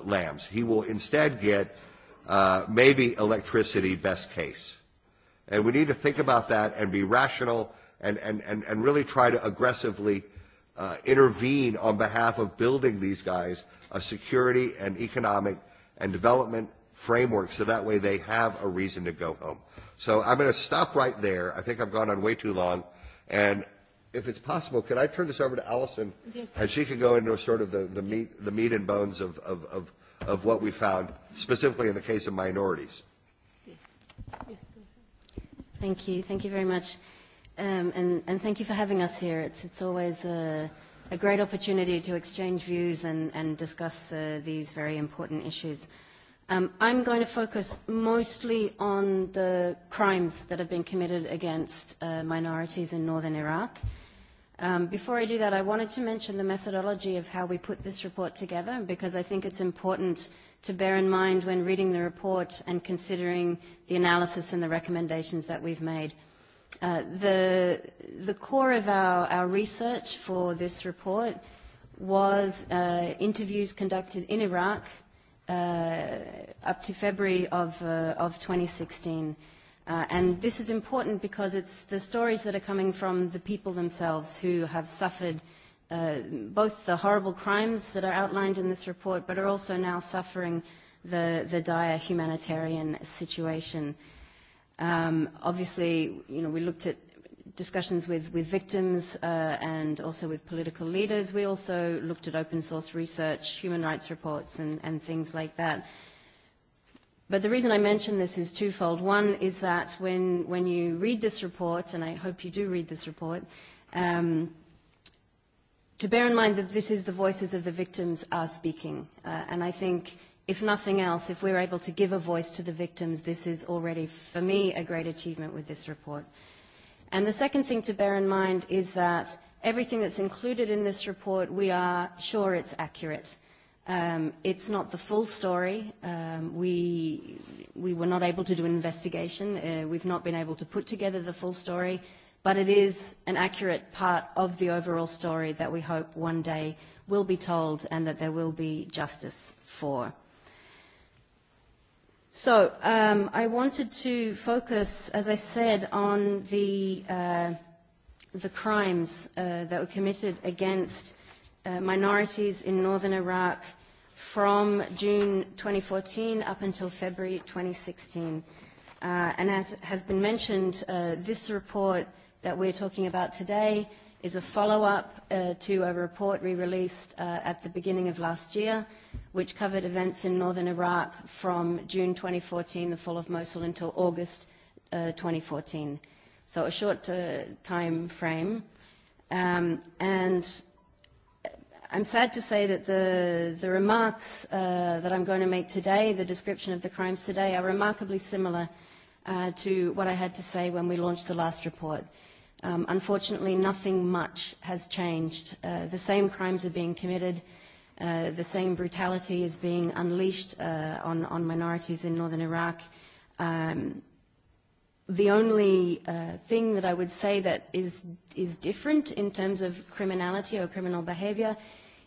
lambs. He will instead get maybe electricity best case. And we need to think about that and be rational and, and, and, and really try to aggressively intervene on behalf of building these guys a security and economic and development framework so that way they have a reason to go home. So I'm going to stop right there. I think I've gone on way too long. And if it's possible, could I turn this over to Allison? Yes. And she could go into sort of the, the, meat, the meat and bones of, of, of, of what we found, specifically in the case of minorities. Yes. Thank you. Thank you very much. Um, and, and thank you for having us here. It's, it's always a, a great opportunity to exchange views and, and discuss these very important issues. I'm going to focus mostly on the crimes that have been committed against minorities in northern Iraq. Before I do that, I wanted to mention the methodology of how we put this report together, because I think it's important to bear in mind when reading the report and considering the analysis and the recommendations that we've made. The core of our research for this report was interviews conducted in Iraq up to February of, of 2016. and this is important because it's the stories that are coming from the people themselves who have suffered both the horrible crimes that are outlined in this report, but are also now suffering the, the dire humanitarian situation. Um, obviously, you know, we looked at discussions with with victims and also with political leaders. We also looked at open source research, human rights reports and and things like that. But the reason I mention this is twofold. One is that when when you read this report, and I hope you do read this report, to bear in mind that this is the voices of the victims are speaking. And I think if nothing else, if we're able to give a voice to the victims, this is already, for me, a great achievement with this report. And the second thing to bear in mind is that everything that's included in this report, we are sure it's accurate. It's not the full story. We were not able to do an investigation. We've not been able to put together the full story, but it is an accurate part of the overall story that we hope one day will be told and that there will be justice for. So I wanted to focus, as I said, on the the crimes that were committed against minorities in northern Iraq from June 2014 up until February 2016. And as has been mentioned, this report that we're talking about today is a follow-up to a report we released at the beginning of last year, which covered events in northern Iraq from June 2014, the fall of Mosul, until August 2014. So a short time frame. And I'm sad to say that the the remarks that I'm going to make today, the description of the crimes today, are remarkably similar to what I had to say when we launched the last report. Unfortunately, nothing much has changed. The same crimes are being committed. The same brutality is being unleashed on minorities in northern Iraq. The only thing that I would say that is is different in terms of criminality or criminal behavior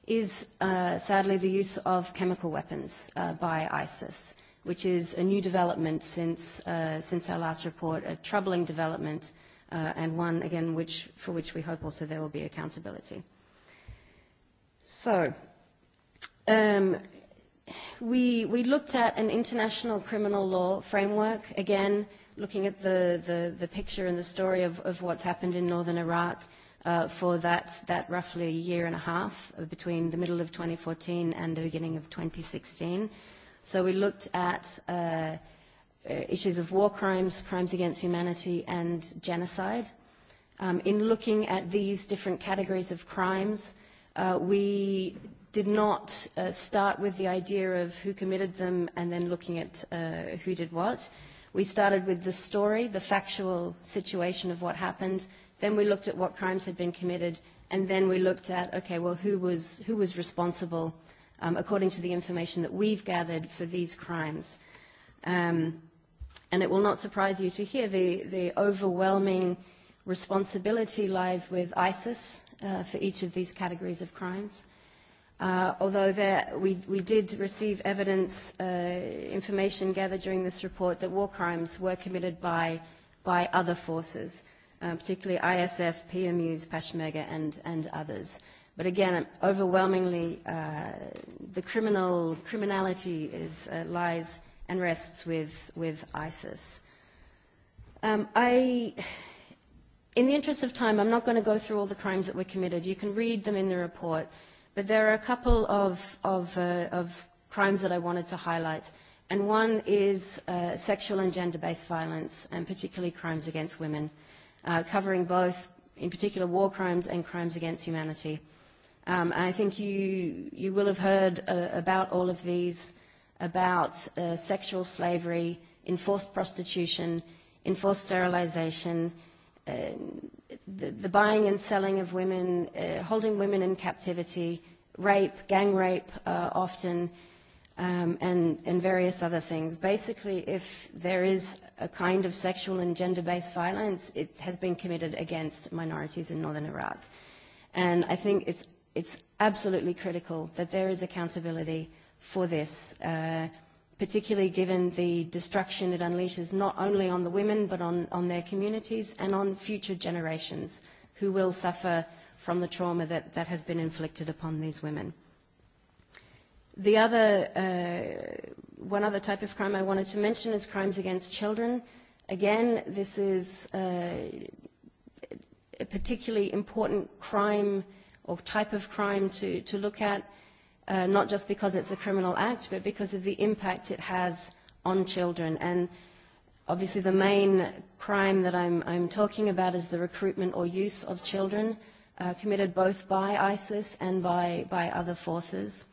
is sadly the use of chemical weapons by ISIS, which is a new development since since our last report, a troubling development and one, again, which, for which we hope also there will be accountability. So, um, we, we looked at an international criminal law framework, again, looking at the, the, the picture and the story of, of what's happened in northern Iraq for that, that roughly year and a half between the middle of 2014 and the beginning of 2016. So we looked at issues of war crimes, crimes against humanity, and genocide. In looking at these different categories of crimes, we did not start with the idea of who committed them and then looking at who did what. We started with the story, the factual situation of what happened. Then we looked at what crimes had been committed, and then we looked at, okay, well, who was who was responsible according to the information that we've gathered for these crimes. Um And it will not surprise you to hear the, the overwhelming responsibility lies with ISIS for each of these categories of crimes. Although there, we, we did receive evidence, information gathered during this report that war crimes were committed by, by other forces, particularly ISF, PMUs, Peshmerga, and, and others. But again, overwhelmingly, the criminal, criminality is, lies and rests with with ISIS. I in the interest of time I'm not going to go through all the crimes that were committed. You can read them in the report, but there are a couple of of of crimes that I wanted to highlight. And one is sexual and gender-based violence, and particularly crimes against women, covering both, in particular, war crimes and crimes against humanity. I think you you will have heard about all of these about sexual slavery, enforced prostitution, enforced sterilization, the buying and selling of women, holding women in captivity, rape, gang rape often, and various other things. Basically, if there is a kind of sexual and gender-based violence, it has been committed against minorities in northern Iraq. And I think it's absolutely critical that there is accountability for this, particularly given the destruction it unleashes not only on the women but on, on their communities and on future generations who will suffer from the trauma that, that has been inflicted upon these women. The other, one other type of crime I wanted to mention is crimes against children. Again, this is a particularly important crime or type of crime to, to look at not just because it's a criminal act, but because of the impact it has on children. And obviously the main crime that I'm, I'm talking about is the recruitment or use of children committed both by ISIS and by, by other forces.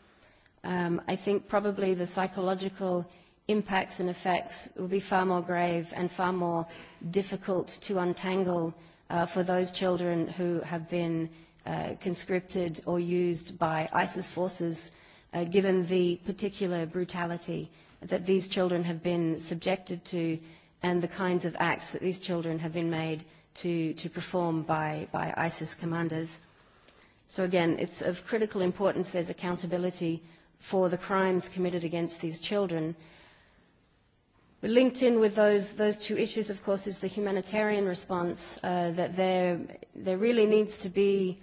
Um, I think probably the psychological impacts and effects will be far more grave and far more difficult to untangle for those children who have been conscripted or used by ISIS forces, given the particular brutality that these children have been subjected to and the kinds of acts that these children have been made to to perform by by ISIS commanders. So again, it's of critical importance there's accountability for the crimes committed against these children. Linked in with those those two issues, of course, is the humanitarian response that there there really needs to be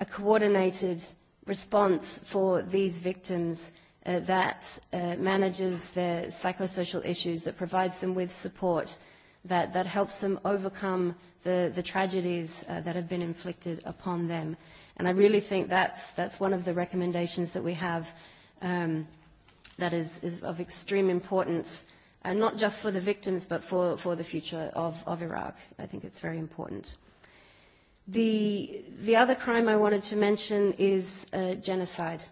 a coordinated response for these victims that manages their psychosocial issues, that provides them with support, that that helps them overcome the the tragedies that have been inflicted upon them. And I really think that's that's one of the recommendations that we have that is is of extreme importance, not just for the victims but for for the future of of Iraq. I think it's very important. The The other crime I wanted to mention is genocide.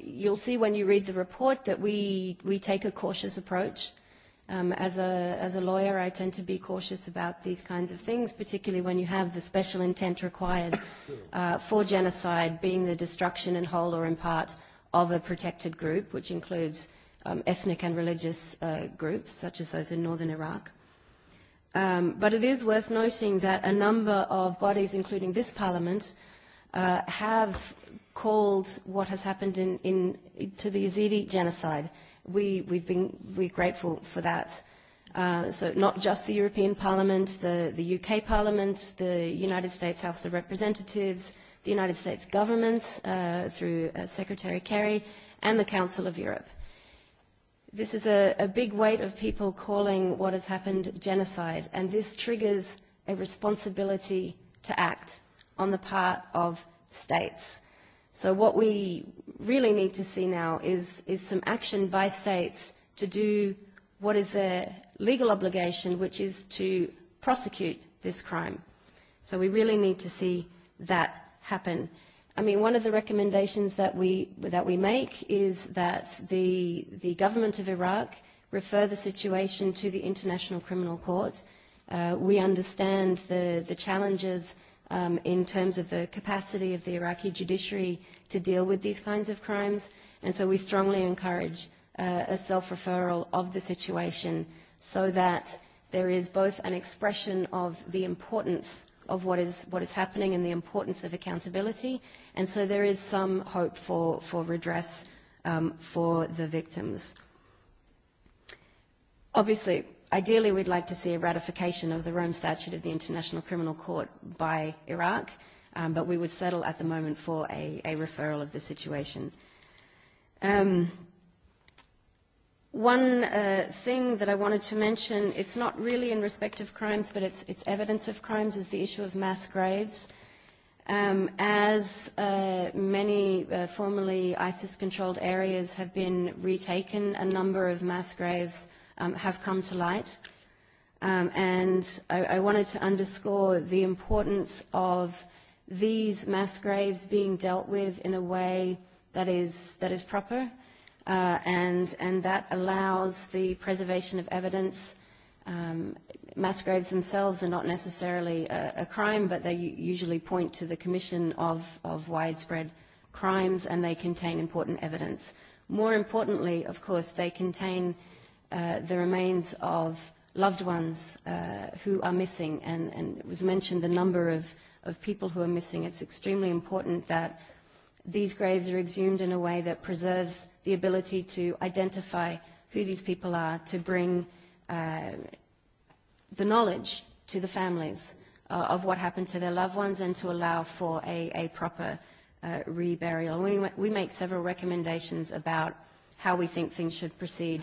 You'll see when you read the report that we we take a cautious approach. As a as a lawyer, I tend to be cautious about these kinds of things, particularly when you have the special intent required for genocide, being the destruction in whole or in part of a protected group, which includes ethnic and religious groups, such as those in northern Iraq. But it is worth noting that a number of bodies, including this Parliament, have called what has happened in in to the Yazidi genocide. We we've been we're grateful for that. So not just the European Parliament, the the UK Parliament, the United States House of Representatives, the United States government through Secretary Kerry, and the Council of Europe. This is a big weight of people calling what has happened genocide, and this triggers a responsibility to act on the part of states. So what we really need to see now is some action by states to do what is their legal obligation, which is to prosecute this crime. So we really need to see that happen. I mean, one of the recommendations that we that we make is that the the government of Iraq refer the situation to the International Criminal Court. We understand the the challenges in terms of the capacity of the Iraqi judiciary to deal with these kinds of crimes, and so we strongly encourage a self-referral of the situation so that there is both an expression of the importance of what is what is happening and the importance of accountability and so there is some hope for for redress for the victims obviously ideally we'd like to see a ratification of the Rome Statute of the International Criminal Court by Iraq but we would settle at the moment for a a referral of the situation um One thing that I wanted to mention, it's not really in respect of crimes, but it's it's evidence of crimes, is the issue of mass graves. As many formerly ISIS-controlled areas have been retaken, a number of mass graves have come to light. And I wanted to underscore the importance of these mass graves being dealt with in a way that is proper and that allows the preservation of evidence. Mass graves themselves are not necessarily a crime, but they usually point to the commission of widespread crimes, and they contain important evidence. More importantly, of course, they contain the remains of loved ones who are missing, and it was mentioned the number of people who are missing. It's extremely important that these graves are exhumed in a way that preserves the ability to identify who these people are, to bring the knowledge to the families of what happened to their loved ones and to allow for a proper reburial. We make several recommendations about how we think things should proceed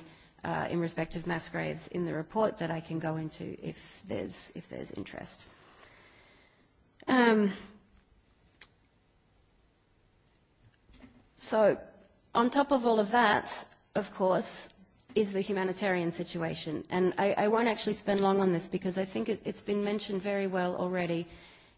in respect of mass graves in the report that I can go into if there's interest. So on top of all of that, of course, is the humanitarian situation. And I, I won't actually spend long on this because I think it, it's been mentioned very well already.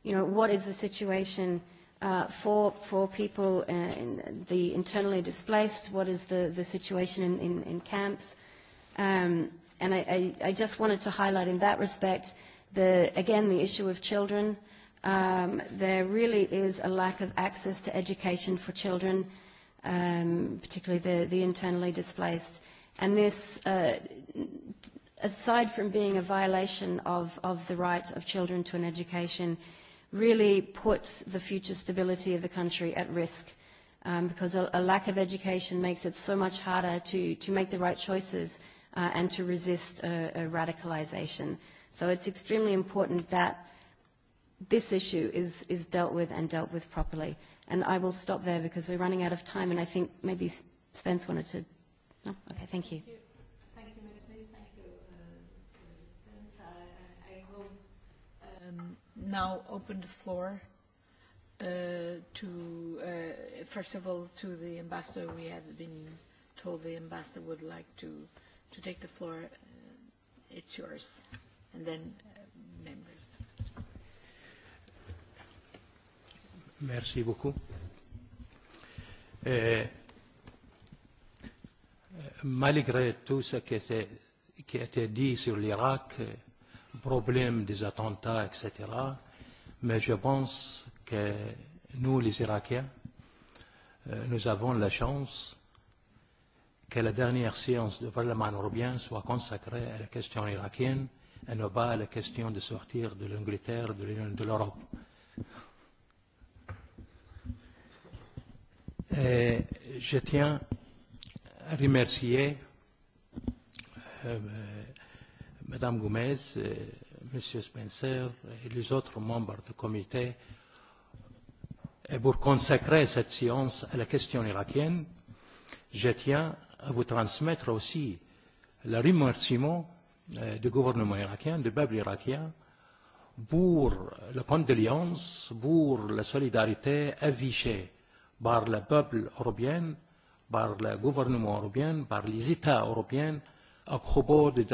You know, what is the situation uh, for, for people, in the internally displaced? What is the, the situation in, in, in camps? Um, and I, I, I just wanted to highlight in that respect, the, again, the issue of children. Um, there really is a lack of access to education for children particularly the, the internally displaced. And this, aside from being a violation of, of the right of children to an education, really puts the future stability of the country at risk because a lack of education makes it so much harder to to make the right choices and to resist radicalization. So it's extremely important that this issue is is dealt with and dealt with properly. And I will stop there because we're running out of time, and I think maybe Spence wanted to. No? Okay, thank you. Thank you, Ms. Thank you, Spence. I will now open the floor to, first of all, to the ambassador. We have been told the ambassador would like to to take the floor. It's yours. And then Merci beaucoup. Malgré tout ce qui a été dit sur l'Irak, problème des attentats, etc., mais je pense que nous, les Irakiens, nous avons la chance que la dernière séance du Parlement européen soit consacrée à la question irakienne et non pas à la question de sortir de l'Angleterre, de l'Union de l'Europe. Je tiens à remercier Mme Gomez, Monsieur Spencer et les autres membres du comité et pour consacrer cette séance à la question irakienne. Je tiens à vous transmettre aussi le remerciement du gouvernement irakien, du peuple irakien, pour la condoléance, pour la solidarité affichée par le peuple européen, par le gouvernement européen, par les États européens à propos des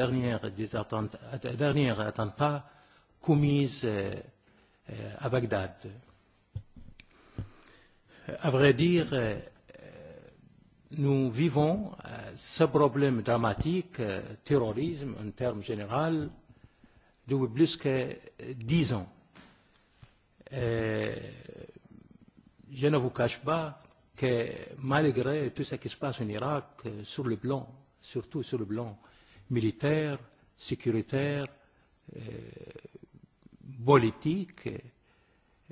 derniers attentats commis à Bagdad. À vrai dire, nous vivons ce problème dramatique, terrorisme en termes général, depuis plus que dix ans je ne vous cache pas que malgré tout ce qui se passe en Irak, sur le plan, surtout sur le plan militaire, sécuritaire, politique,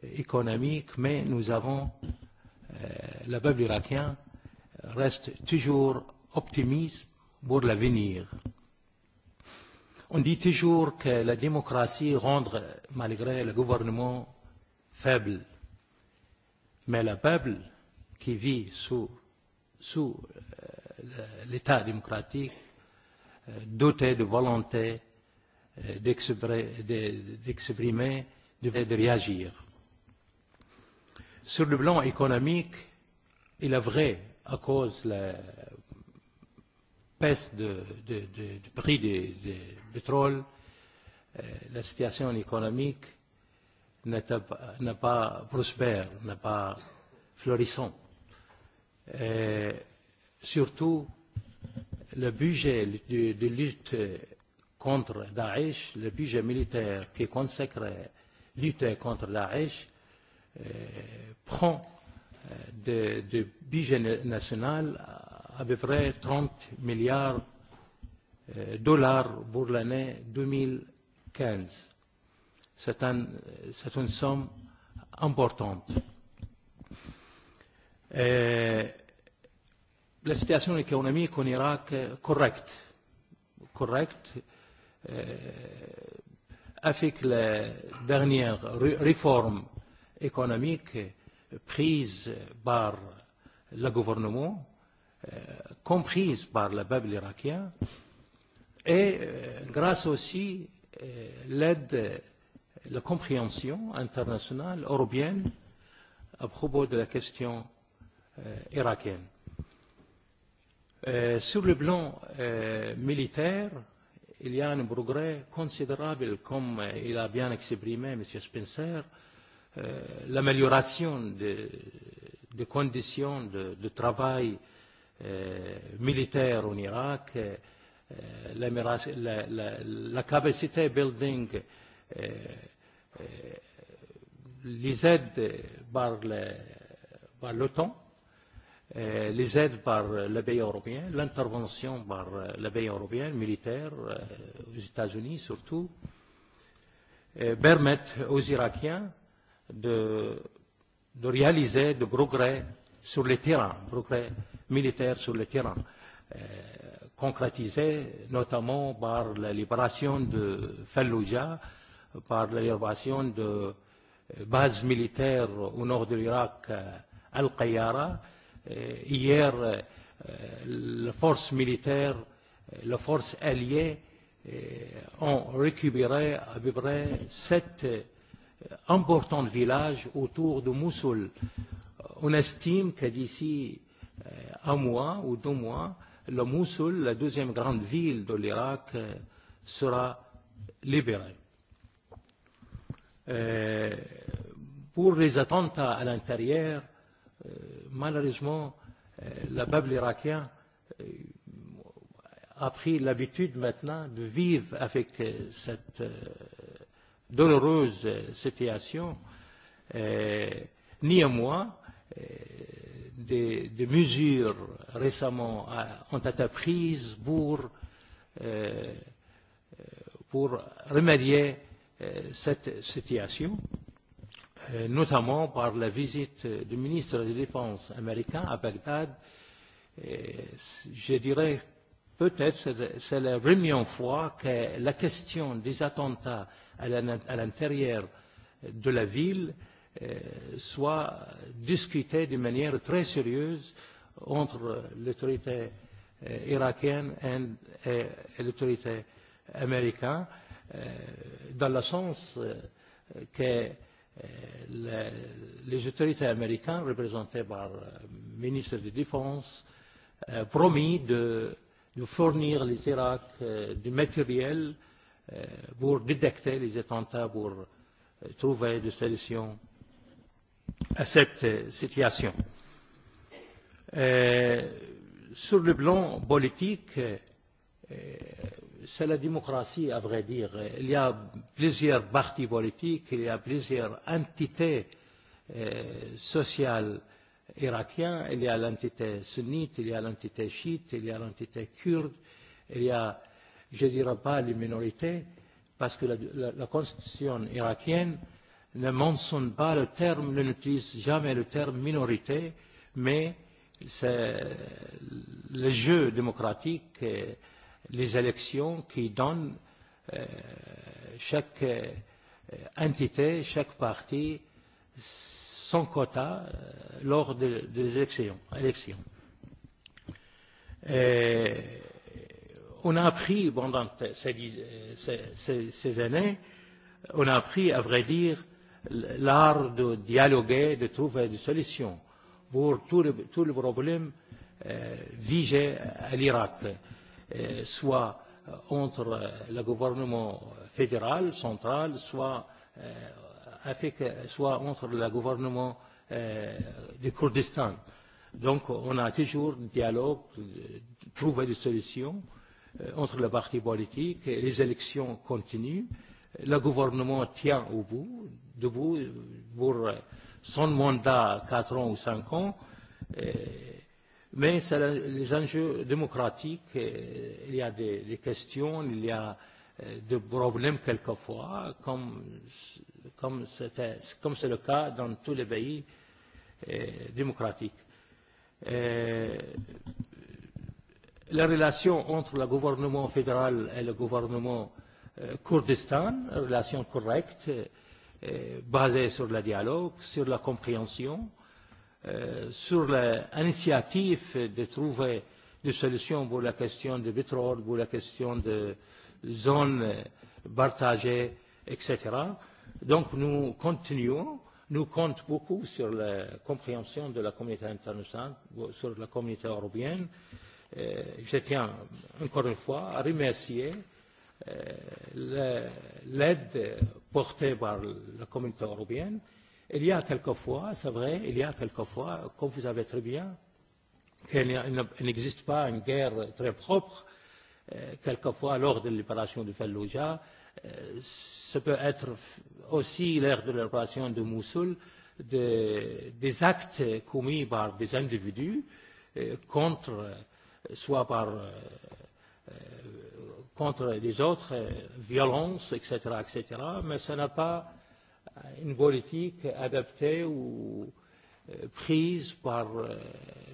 économique, mais nous avons, le peuple irakien reste toujours optimiste pour l'avenir. On dit toujours que la démocratie rendre, malgré le gouvernement faible, Mais le peuple qui vit sous, sous l'État démocratique, doté de volonté d'exprimer, de, de réagir. Sur le plan économique, il est vrai, à cause de la peste de, de, de, du prix du pétrole, la situation économique n'est pas prospère, n'est pas florissant. Et surtout, le budget de, lutte contre Daesh, le budget militaire qui est consacre lutter contre Daesh, prend de, de budget national à peu près 30 milliards de dollars pour l'année 2015 C'est une somme importante. La situation économique en Irak est correcte. Correcte. Avec les dernières réformes économiques prises par le gouvernement, comprises par le peuple irakien, et grâce aussi à l'aide la compréhension internationale européenne à propos de la question irakienne. Sur le plan militaire, il y a un progrès considérable, comme il a bien exprimé M. Spencer, l'amélioration des conditions de travail militaire en Irak, la capacité building les aides par l'OTAN, les aides par le pays européen, l'intervention par le pays européen militaire, aux États-Unis surtout, permettent aux Irakiens de réaliser de progrès sur le terrain, progrès militaire sur le terrain, concrétisé notamment par la libération de Fallujah, par l'élévation de bases militaires au nord de l'Irak, Al-Qayyara. Hier, les forces militaires, les forces alliées ont récupéré à peu près sept importants villages autour de Mossoul. On estime que d'ici un mois ou deux mois, le Mossoul, la deuxième grande ville de l'Irak, sera libérée pour les attentats à l'intérieur, malheureusement, la peuple irakien a pris l'habitude maintenant de vivre avec cette douloureuse situation. Néanmoins, des, des mesures récemment ont été prises pour, pour remédier cette situation, notamment par la visite du ministre de la Défense américain à Bagdad. Je dirais peut-être c'est la première fois que la question des attentats à l'intérieur de la ville soit discutée de manière très sérieuse entre l'autorité irakienne et l'autorité américaine dans le sens que les autorités américaines, représentées par le ministre de la Défense, promis de fournir les Irak du matériel pour détecter les attentats, pour trouver des solutions à cette situation. Sur le plan politique, c'est la démocratie, à vrai dire. Il y a plusieurs partis politiques, il y a plusieurs entités sociales irakiennes, il y a l'entité sunnite, il y a l'entité chiite, il y a l'entité kurde, il y a, je ne dirais pas les minorités, parce que la constitution irakienne ne mentionne pas le terme, ne n'utilise jamais le terme minorité, mais c'est le jeu démocratique les élections qui donnent chaque entité, chaque parti son quota lors des élections. On a appris pendant ces années, on a appris à vrai dire l'art de dialoguer, de trouver des solutions pour tous le problèmes vigé à l'Irak soit entre le gouvernement fédéral, central, soit soit entre le gouvernement du Kurdistan. Donc on a toujours un dialogue, trouver des solutions entre les partis politiques, les élections continuent, le gouvernement tient au bout, debout pour son mandat 4 ans ou 5 ans, Mais c'est les enjeux démocratiques, il y a des questions, il y a des problèmes quelquefois, comme comme c'est le cas dans tous les pays démocratiques. La relation entre le gouvernement fédéral et le gouvernement Kurdistan, relation correcte, basée sur le dialogue, sur la compréhension sur l'initiative de trouver des solutions pour la question du pétrole, pour la question de zones partagées, etc. Donc nous continuons, nous comptons beaucoup sur la compréhension de la communauté internationale, sur la communauté européenne. Je tiens encore une fois à remercier l'aide portée par la communauté européenne Il y a quelquefois, c'est vrai, il y a quelquefois, comme vous savez très bien, qu'il n'existe pas une guerre très propre. Quelquefois, lors de l'opération de Fallujah, ce peut être aussi l'ère de l'opération de Moussoul, des actes commis par des individus contre, soit par contre les autres, violences, etc., etc., mais ça n'a pas une politique adaptée ou prise par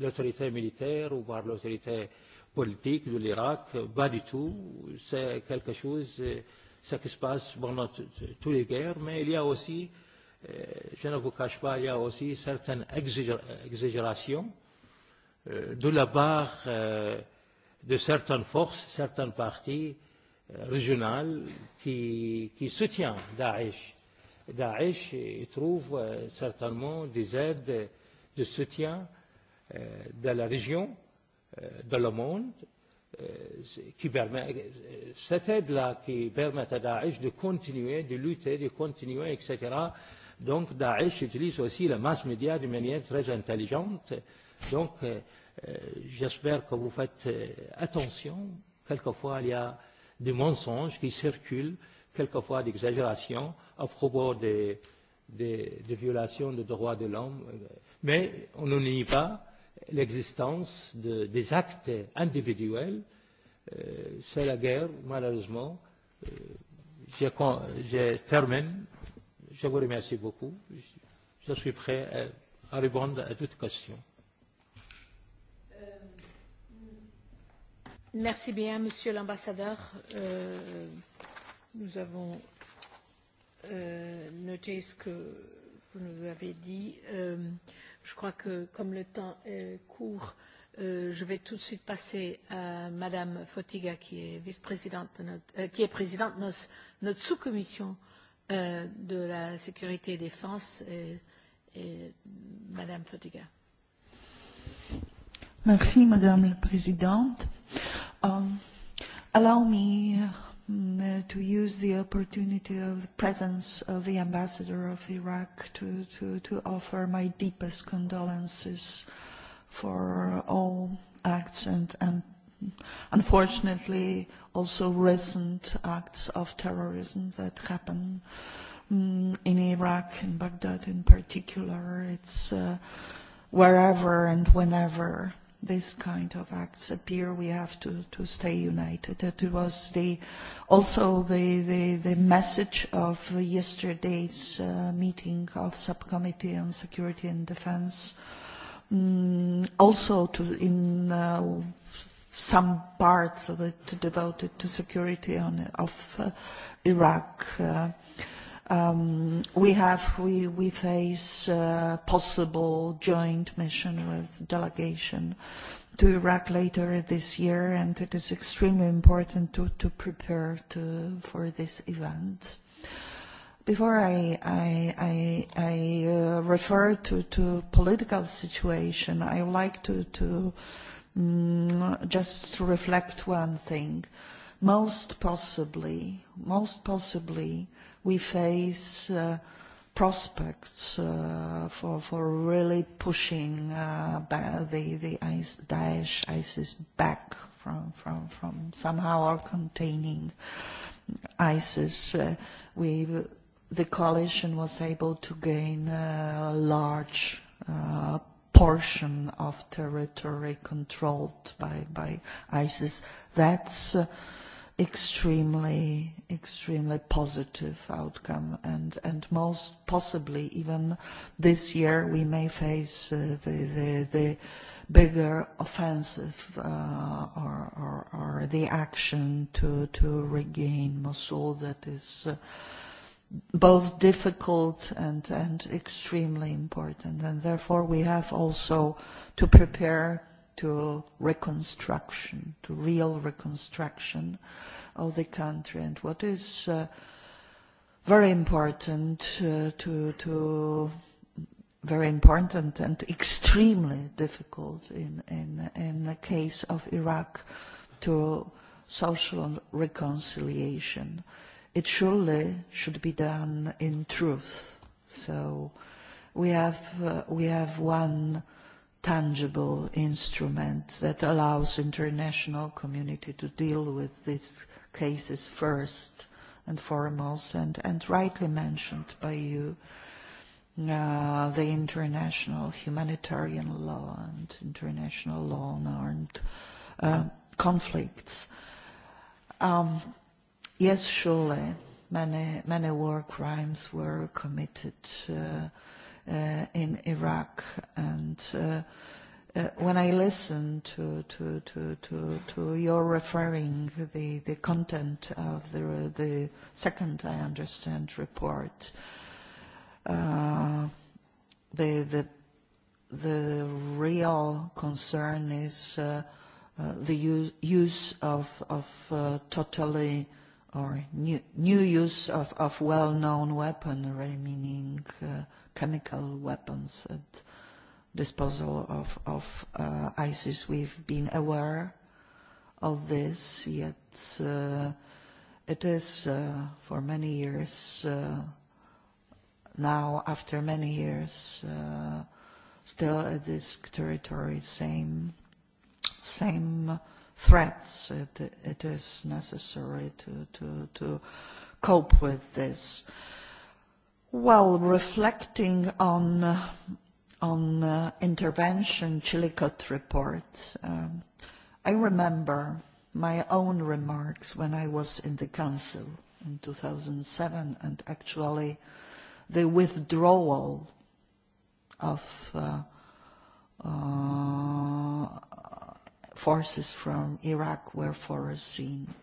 l'autorité militaire ou par l'autorité politique de l'Irak. Pas du tout. C'est quelque chose, ce qui se passe pendant toutes les guerres, mais il y a aussi, je ne vous cache pas, il y a aussi certaines exagérations de la part de certaines forces, certaines parties régionales qui soutiennent Daesh Daesh trouve certainement des aides de soutien de la région, de le monde, qui permet, cette aide-là qui permet à Daesh de continuer, de lutter, de continuer, etc. Donc Daesh utilise aussi la masse média de manière très intelligente. Donc j'espère que vous faites attention. Quelquefois, il y a des mensonges qui circulent quelquefois d'exagération à propos des, des, des violations des droits de l'homme. Mais on ne nie pas l'existence de, des actes individuels. Euh, C'est la guerre, malheureusement. Euh, je, termine. Je vous remercie beaucoup. Je suis prêt à répondre à toutes questions. Merci bien, Monsieur l'ambassadeur. Euh, Nous avons noté ce que vous nous avez dit. Je crois que comme le temps est court, je vais tout de suite passer à Madame Fotiga, qui est vice-présidente, qui est présidente de notre sous-commission de la sécurité et défense. Et Madame Fotiga. Merci, Madame la Présidente. Allow me to use the opportunity of the presence of the ambassador of Iraq to to to offer my deepest condolences for all acts and and unfortunately also recent acts of terrorism that happen in Iraq in Baghdad in particular it's wherever and whenever these kind of acts appear, we have to to stay united. That was also the the the message of yesterday's meeting of subcommittee on security and defence. Also to in some parts of it devoted to security of Iraq We have, we face a possible joint mission with delegation to Iraq later this year, and it is extremely important to prepare for this event. Before I refer to political situation, I would like to just reflect one thing. Most possibly, most possibly, we face prospects for for really pushing the the Daesh ISIS back from from from somehow or containing ISIS. We the coalition was able to gain a large portion of territory controlled by by ISIS. That's extremely, extremely positive outcome and and most possibly even this year we may face the the bigger offensive or or the action to to regain Mosul that is both difficult and and extremely important and therefore we have also to prepare to reconstruction, to real reconstruction of the country. And what is very important to very important and extremely difficult in in in the case of Iraq to social reconciliation. It surely should be done in truth. So we have we have one tangible instrument that allows international community to deal with these cases first and foremost and and rightly mentioned by you the international humanitarian law and international law on armed conflicts. Yes, surely many many war crimes were committed in Iraq. And when I listen to to to to to your referring the the content of the the second, I understand, report, the the the real concern is the use of of totally or new use of of well-known weaponry, meaning chemical weapons at disposal of of ISIS. We've been aware of this, yet it is for many years now, after many years, still at this territory same same threats. It is necessary to to to cope with this. Well, reflecting on on intervention Chilicot report, I remember my own remarks when I was in the Council in 2007 and actually the withdrawal of forces from Iraq were foreseen.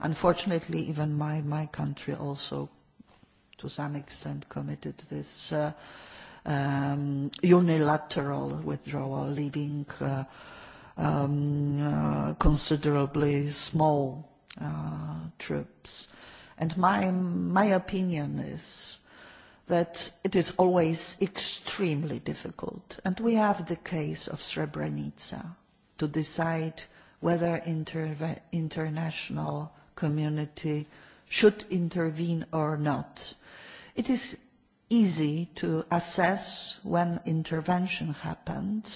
Unfortunately, even my my country also to some extent committed this unilateral withdrawal, leaving considerably small troops. And my opinion is that it is always extremely difficult. And we have the case of Srebrenica to decide whether international community should intervene or not It is easy to assess when intervention happened,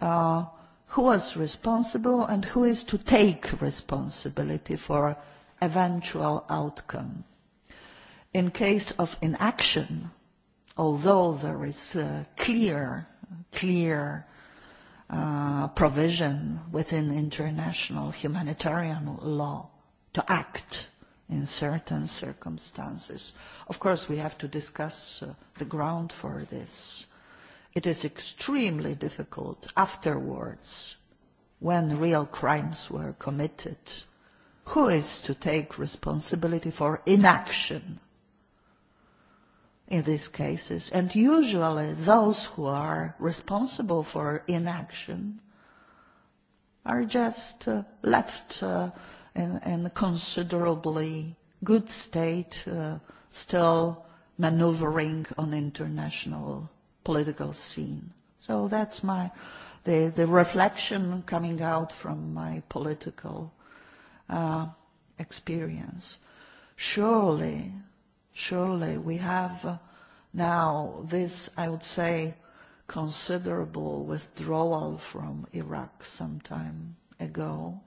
who was responsible and who is to take responsibility for eventual outcome. In case of inaction, although there is clear, clear provision within international humanitarian law to act in certain circumstances. Of course, we have to discuss the ground for this. It is extremely difficult afterwards, when real crimes were committed, who is to take responsibility for inaction in these cases. And usually those who are responsible for inaction are just left in a considerably good state, still maneuvering on international political scene. So that's my the the reflection coming out from my political experience. Surely, surely we have now this, I would say, considerable withdrawal from Iraq some time ago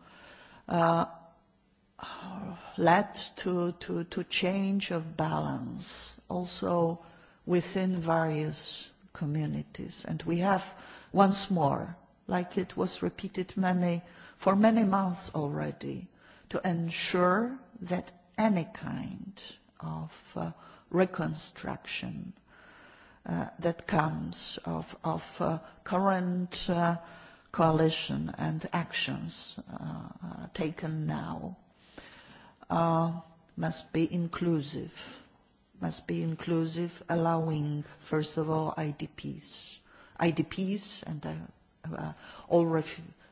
led to to to change of balance also within various communities and we have once more like it was repeated many for many months already to ensure that any kind of reconstruction that comes of of current coalition and actions taken now must be inclusive, must be inclusive, allowing, first of all, IDPs. IDPs and all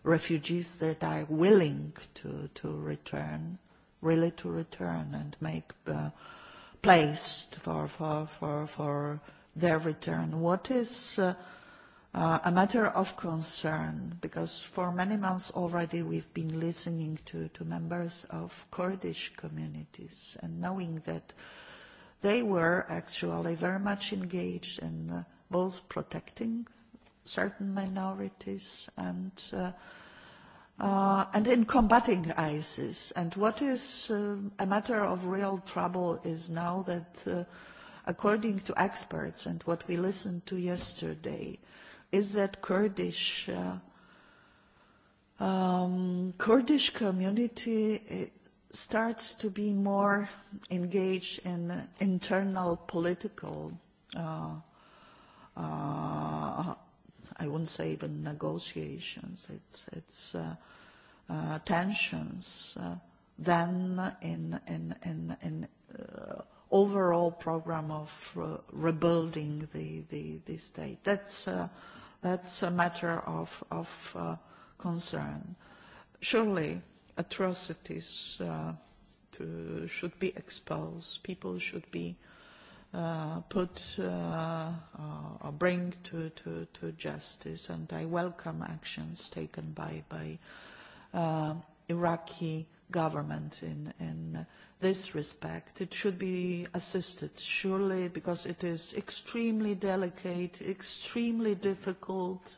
refugees that are willing to return, really to return and make place for their return. What is a matter of concern because for many months already we've been listening to members of Kurdish communities and knowing that they were actually very much engaged in both protecting certain minorities and and in combating ISIS. And what is a matter of real trouble is now that according to experts and what we listened to yesterday is that Kurdish Kurdish community starts to be more engaged in internal political, I wouldn't say even negotiations, it's it's tensions than in in in in overall program of rebuilding the the the state. That's That's a matter of concern. Surely atrocities should be exposed. People should be put or bring to justice. And I welcome actions taken by Iraqi government in this respect, it should be assisted, surely, because it is extremely delicate, extremely difficult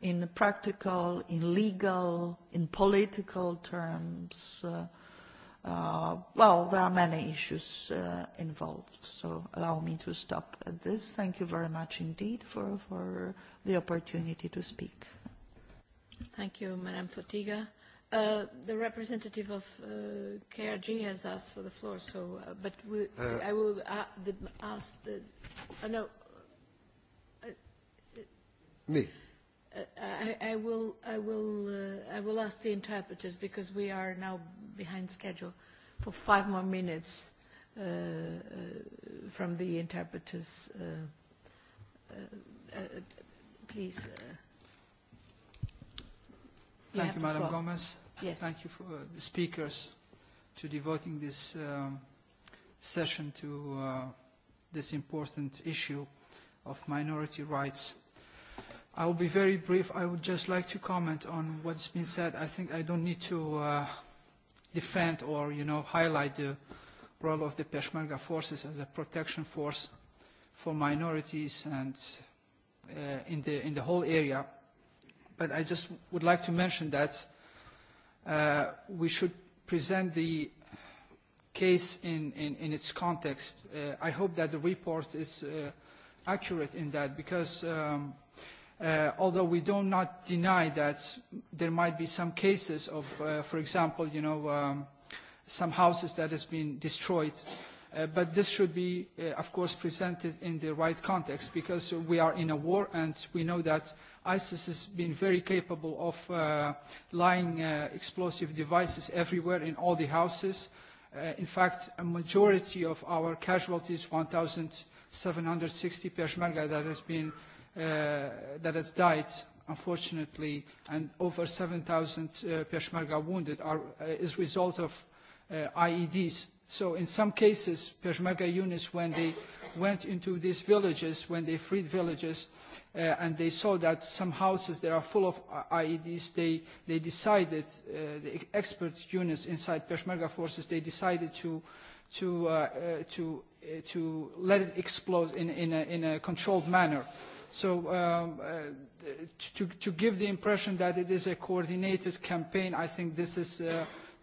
in practical, in legal, in political terms. Well, there are many issues involved, so allow me to stop at this. Thank you very much indeed for the opportunity to speak. Thank you, Madam Fotiga. The representative of KRG has asked for the floor, so, but I will ask the, no, me. I will, I will, I will ask the interpreters because we are now behind schedule for five more minutes from the interpreters. Please. Thank you, Madam Gomez. Thank you for the speakers to devoting this session to this important issue of minority rights. I will be very brief. I would just like to comment on what's been said. I think I don't need to defend or, you know, highlight the role of the Peshmerga forces as a protection force for minorities and in the in the whole area. But I just would like to mention that we should present the case in its context. I hope that the report is accurate in that because although we do not deny that there might be some cases of, for example, you know, some houses that has been destroyed, but this should be, of course, presented in the right context because we are in a war and we know that ISIS has been very capable of lying explosive devices everywhere in all the houses. In fact, a majority of our casualties, 1,760 Peshmerga that has been that has died, unfortunately, and over 7,000 Peshmerga wounded, are is result of IEDs So in some cases, Peshmerga units, when they went into these villages, when they freed villages, and they saw that some houses that are full of IEDs, they decided, the expert units inside Peshmerga forces, they decided to to let it explode in a controlled manner. So to give the impression that it is a coordinated campaign, I think this is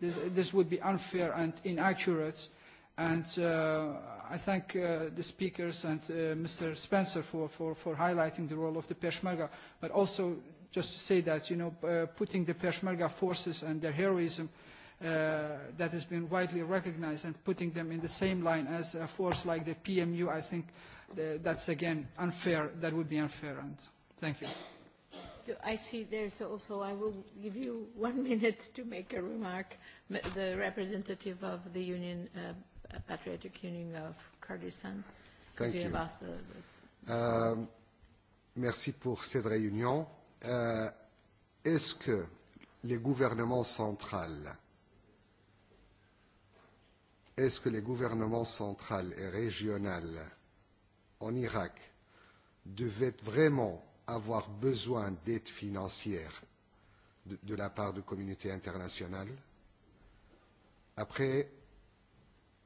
This would be unfair and inaccurate. And I thank the speakers and Mr. Spencer for for highlighting the role of the Peshmerga, but also just to say that, you know, putting the Peshmerga forces and their heroism that has been widely recognized and putting them in the same line as a force like the PMU, I think that's again unfair. That would be unfair. And thank you. I see there's also, I will give you one minute to make a remark, the representative of the Union, Patriotic Union of Kurdistan. Thank you. Merci pour cette réunion. Est-ce que les gouvernements centrales, est-ce que les gouvernements centrales et régionales en Irak devaient vraiment avoir besoin d'aide financière de la part de communautés internationales après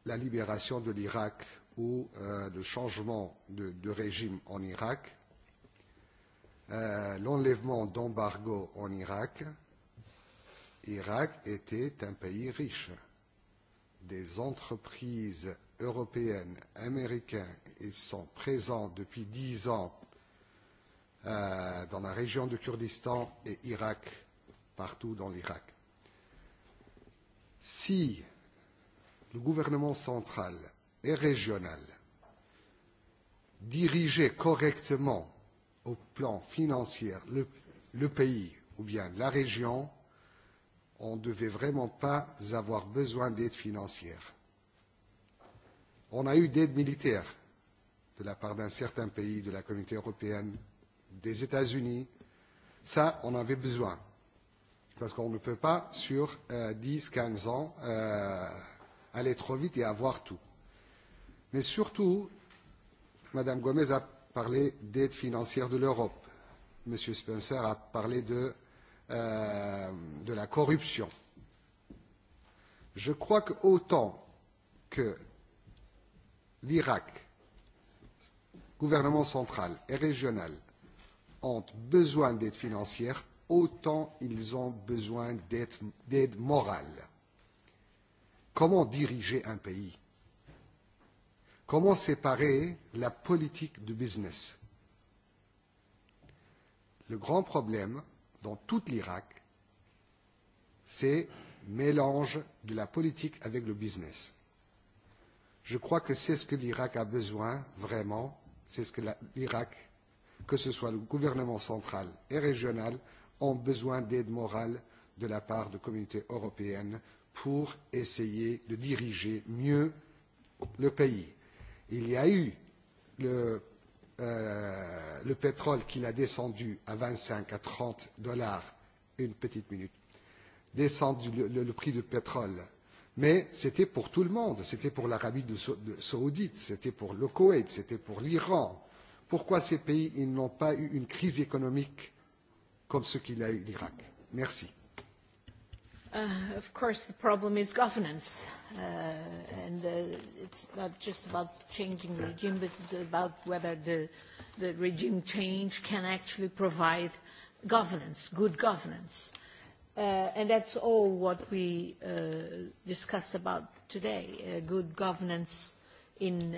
la libération de l'Irak ou le changement de régime en Irak, l'enlèvement d'embargo en Irak, Irak était un pays riche. Des entreprises européennes, américaines, ils sont présentes depuis dix ans dans la région du Kurdistan et Irak, partout dans l'Irak. Si le gouvernement central et régional dirigeait correctement au plan financier le pays ou bien la région, on ne devait vraiment pas avoir besoin d'aide financière. On a eu d'aide militaire de la part d'un certain pays de la communauté européenne des États-Unis. Ça, on avait besoin. Parce qu'on ne peut pas, sur 10, 15 ans, aller trop vite et avoir tout. Mais surtout, madame Gomez a parlé d'aide financière de l'Europe. M. Spencer a parlé de la corruption. Je crois que autant que l'Irak, gouvernement central et régional, ont besoin d'aide financière autant ils ont besoin d'aide morale. Comment diriger un pays Comment séparer la politique du business Le grand problème dans tout l'Irak, c'est le mélange de la politique avec le business. Je crois que c'est ce que l'Irak a besoin vraiment, c'est ce que l'Irak que ce soit le gouvernement central et régional, ont besoin d'aide morale de la part de communautés européennes pour essayer de diriger mieux le pays. Il y a eu le pétrole qui l'a descendu à 25 à 30 dollars une petite minute, descendu le prix du pétrole. Mais c'était pour tout le monde. C'était pour l'Arabie saoudite, c'était pour le Koweït, c'était pour l'Iran pourquoi ces pays n'ont pas eu une crise économique comme ce qu'il a eu l'Irak. Merci. Of course, the problem is governance, and it's not just about changing the regime, but it's about whether the regime change can actually provide governance, good governance, and that's all what we discussed about today: good governance in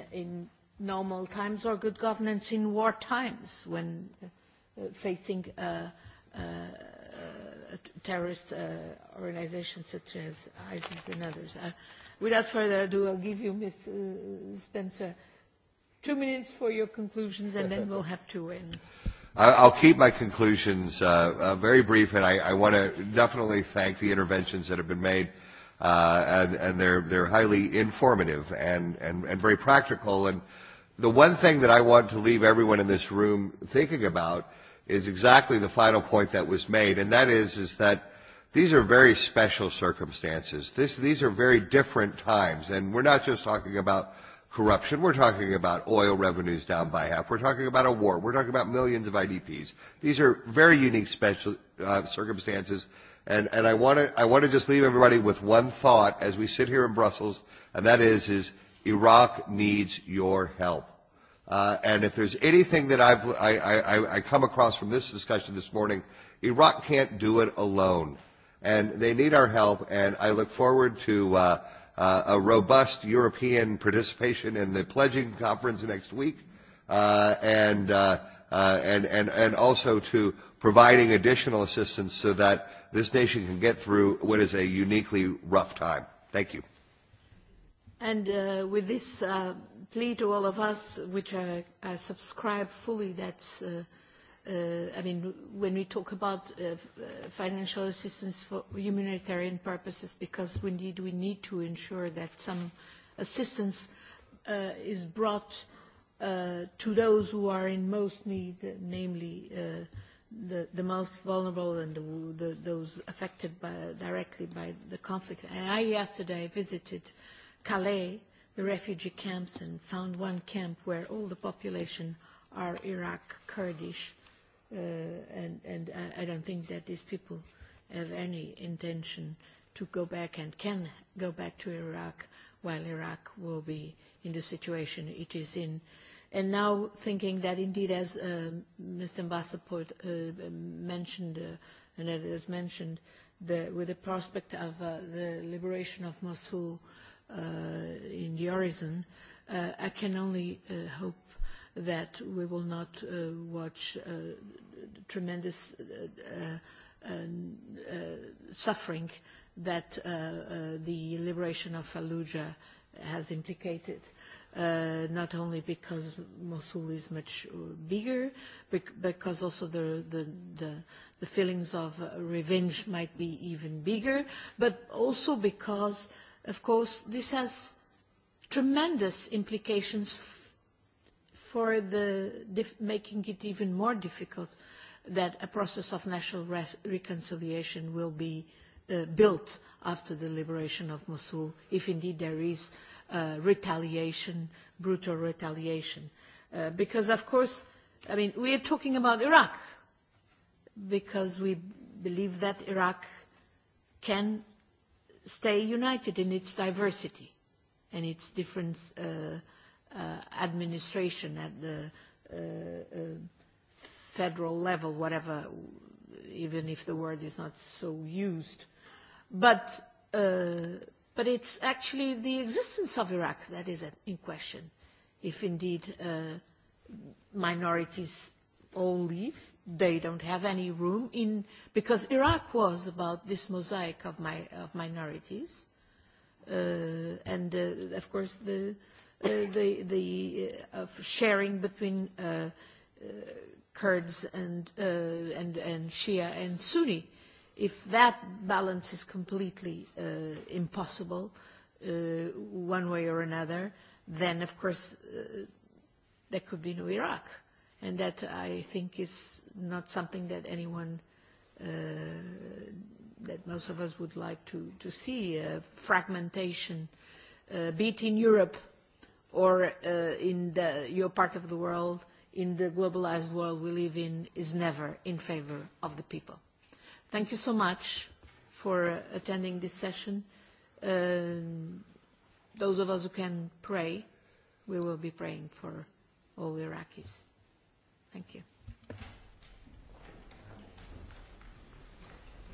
normal times or good governance in war times when facing terrorist organizations such as ISIS and others. Without further ado, I'll give you, Ms. Spencer, two minutes for your conclusions and then we'll have to end. I'll keep my conclusions very brief, and I want to definitely thank the interventions that have been made, and they're highly informative and very practical, and the one thing that I want to leave everyone in this room thinking about is exactly the final point that was made, and that is is that these are very special circumstances. This, these are very different times, and we're not just talking about corruption. We're talking about oil revenues down by half. We're talking about a war. We're talking about millions of IDPs. These are very unique special uh, circumstances, and, and I want to I want to just leave everybody with one thought as we sit here in Brussels, and that is is Iraq needs your help. And if there's anything that I've I I I come across from this discussion this morning, Iraq can't do it alone. And they need our help, and I look forward to a robust European participation in the pledging conference next week, and and also to providing additional assistance so that this nation can get through what is a uniquely rough time. Thank you. And with this plea to all of us, which I subscribe fully, that's, I mean, when we talk about financial assistance for humanitarian purposes, because indeed we need to ensure that some assistance is brought to those who are in most need, namely the most vulnerable and those affected directly by the conflict. I yesterday visited Calais, the refugee camps, and found one camp where all the population are Iraq Kurdish, and and I don't think that these people have any intention to go back and can go back to Iraq while Iraq will be in the situation it is in. And now thinking that indeed, as Mr. Ambassador mentioned, and as mentioned, with the prospect of the liberation of Mosul in the horizon, I can only hope that we will not watch tremendous suffering that the liberation of Fallujah has implicated, not only because Mosul is much bigger, but because also the feelings of revenge might be even bigger, but also because Of course, this has tremendous implications for making it even more difficult that a process of national reconciliation will be built after the liberation of Mosul, if indeed there is retaliation, brutal retaliation. Because, of course, I mean, we are talking about Iraq because we believe that Iraq can stay united in its diversity and its different administration at the federal level, whatever, even if the word is not so used. But it's actually the existence of Iraq that is in question, if indeed minorities all leave. They don't have any room in because Iraq was about this mosaic of of minorities, and of course the the the of sharing between Kurds and and and Shia and Sunni. If that balance is completely impossible, one way or another, then of course there could be no Iraq and that I think is not something that anyone, that most of us would like to see, fragmentation, be it in Europe or in your part of the world, in the globalized world we live in, is never in favor of the people. Thank you so much for attending this session. Those of us who can pray, we will be praying for all the Iraqis. Thank you.